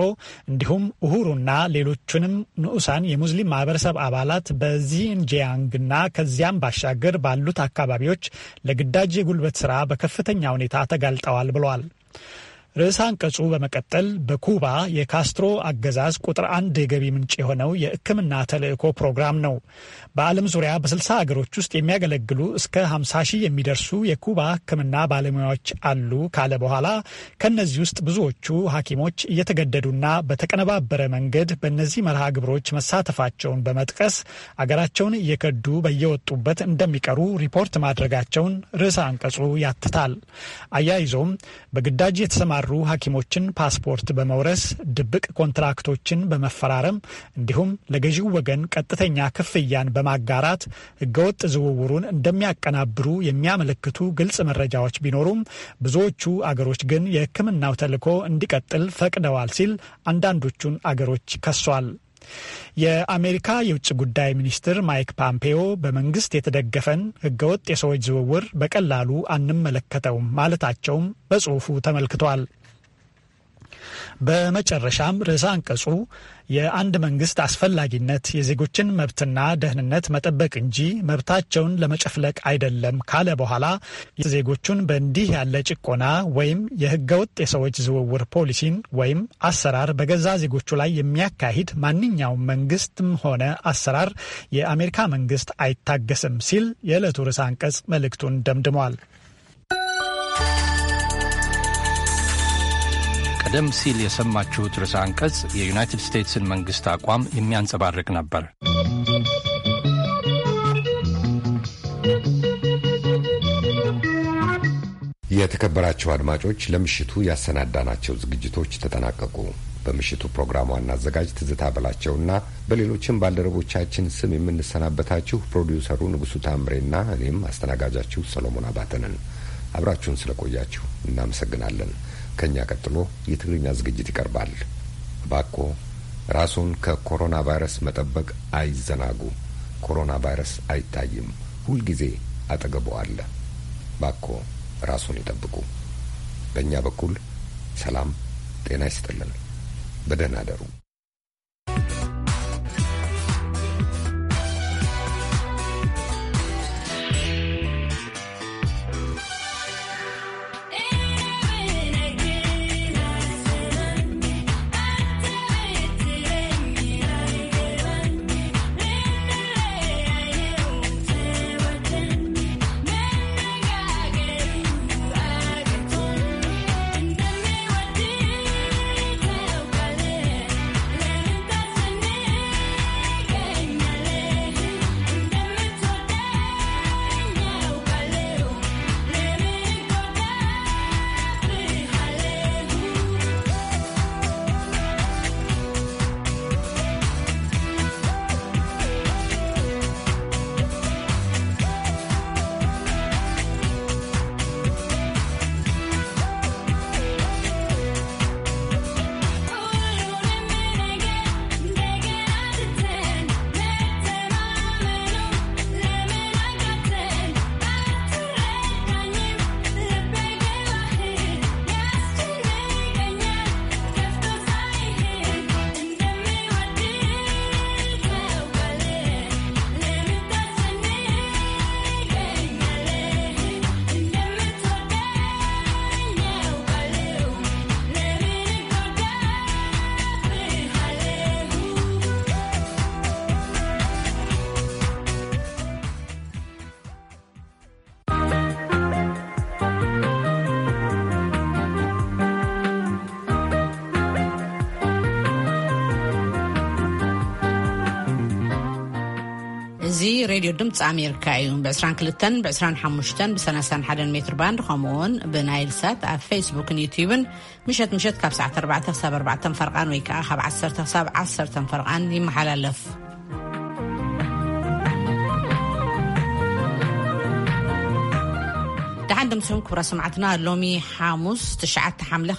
እንዲሁም እሁሩና ሌሎቹንም ንዑሳን የሙስሊም ማህበረሰብ አባላት በዚንጂያንግና ከዚያም ባሻገር ባሉት አካባቢዎች ለግዳጅ የጉልበት ስራ በከፍተኛ ሁኔታ ተጋልጠዋል ብለዋል። ርዕስ አንቀጹ በመቀጠል በኩባ የካስትሮ አገዛዝ ቁጥር አንድ የገቢ ምንጭ የሆነው የሕክምና ተልእኮ ፕሮግራም ነው። በዓለም ዙሪያ በ60 አገሮች ውስጥ የሚያገለግሉ እስከ 50 ሺህ የሚደርሱ የኩባ ሕክምና ባለሙያዎች አሉ ካለ በኋላ ከእነዚህ ውስጥ ብዙዎቹ ሐኪሞች እየተገደዱና በተቀነባበረ መንገድ በእነዚህ መርሃ ግብሮች መሳተፋቸውን በመጥቀስ አገራቸውን እየከዱ በየወጡበት እንደሚቀሩ ሪፖርት ማድረጋቸውን ርዕሰ አንቀጹ ያትታል። አያይዞም በግዳጅ የተሰማ የተሰማሩ ሐኪሞችን ፓስፖርት በመውረስ ድብቅ ኮንትራክቶችን በመፈራረም እንዲሁም ለገዢው ወገን ቀጥተኛ ክፍያን በማጋራት ህገወጥ ዝውውሩን እንደሚያቀናብሩ የሚያመለክቱ ግልጽ መረጃዎች ቢኖሩም ብዙዎቹ አገሮች ግን የህክምናው ተልዕኮ እንዲቀጥል ፈቅደዋል ሲል አንዳንዶቹን አገሮች ከሷል። የአሜሪካ የውጭ ጉዳይ ሚኒስትር ማይክ ፓምፔዮ በመንግስት የተደገፈን ህገወጥ የሰዎች ዝውውር በቀላሉ አንመለከተውም ማለታቸውም በጽሁፉ ተመልክቷል። በመጨረሻም ርዕሰ አንቀጹ የአንድ መንግስት አስፈላጊነት የዜጎችን መብትና ደህንነት መጠበቅ እንጂ መብታቸውን ለመጨፍለቅ አይደለም ካለ በኋላ ዜጎቹን በእንዲህ ያለ ጭቆና ወይም የህገወጥ የሰዎች ዝውውር ፖሊሲን ወይም አሰራር በገዛ ዜጎቹ ላይ የሚያካሂድ ማንኛውም መንግስትም ሆነ አሰራር የአሜሪካ መንግስት አይታገስም ሲል የዕለቱ ርዕሰ አንቀጽ መልእክቱን ደምድሟል። ቀደም ሲል የሰማችሁት ርዕሰ አንቀጽ የዩናይትድ ስቴትስን መንግሥት አቋም የሚያንጸባርቅ ነበር። የተከበራቸው አድማጮች ለምሽቱ ያሰናዳናቸው ዝግጅቶች ተጠናቀቁ። በምሽቱ ፕሮግራም ዋና አዘጋጅ ትዝታ በላቸውና በሌሎችም ባልደረቦቻችን ስም የምንሰናበታችሁ ፕሮዲውሰሩ ንጉሱ ታምሬና እኔም አስተናጋጃችሁ ሰሎሞን አባተንን አብራችሁን ስለቆያችሁ እናመሰግናለን። ከእኛ ቀጥሎ የትግርኛ ዝግጅት ይቀርባል። ባኮ ራሱን ከኮሮና ቫይረስ መጠበቅ አይዘናጉ። ኮሮና ቫይረስ አይታይም፣ ሁልጊዜ አጠገቦ አለ። ባኮ ራሱን ይጠብቁ። በእኛ በኩል ሰላም ጤና ይስጥልን። በደህና አደሩ። ሬድዮ ድምፂ ኣሜሪካ እዩ ብ22 ብ25 ብ31 ሜትር ባንድ ከምኡውን ብናይል ሳት ኣብ ፌስቡክን ዩትብን ምሸት ምሸት ካብ ሰዕ 4 ክሳብ 4 ፈርቃን ወይ ከዓ ካብ 1 ክሳብ 1 ሰ ፈርቃን ይመሓላለፍ ድሓን ድምሲኹም ክብራ ስማዕትና ሎሚ ሓሙስ 9 ሓምለ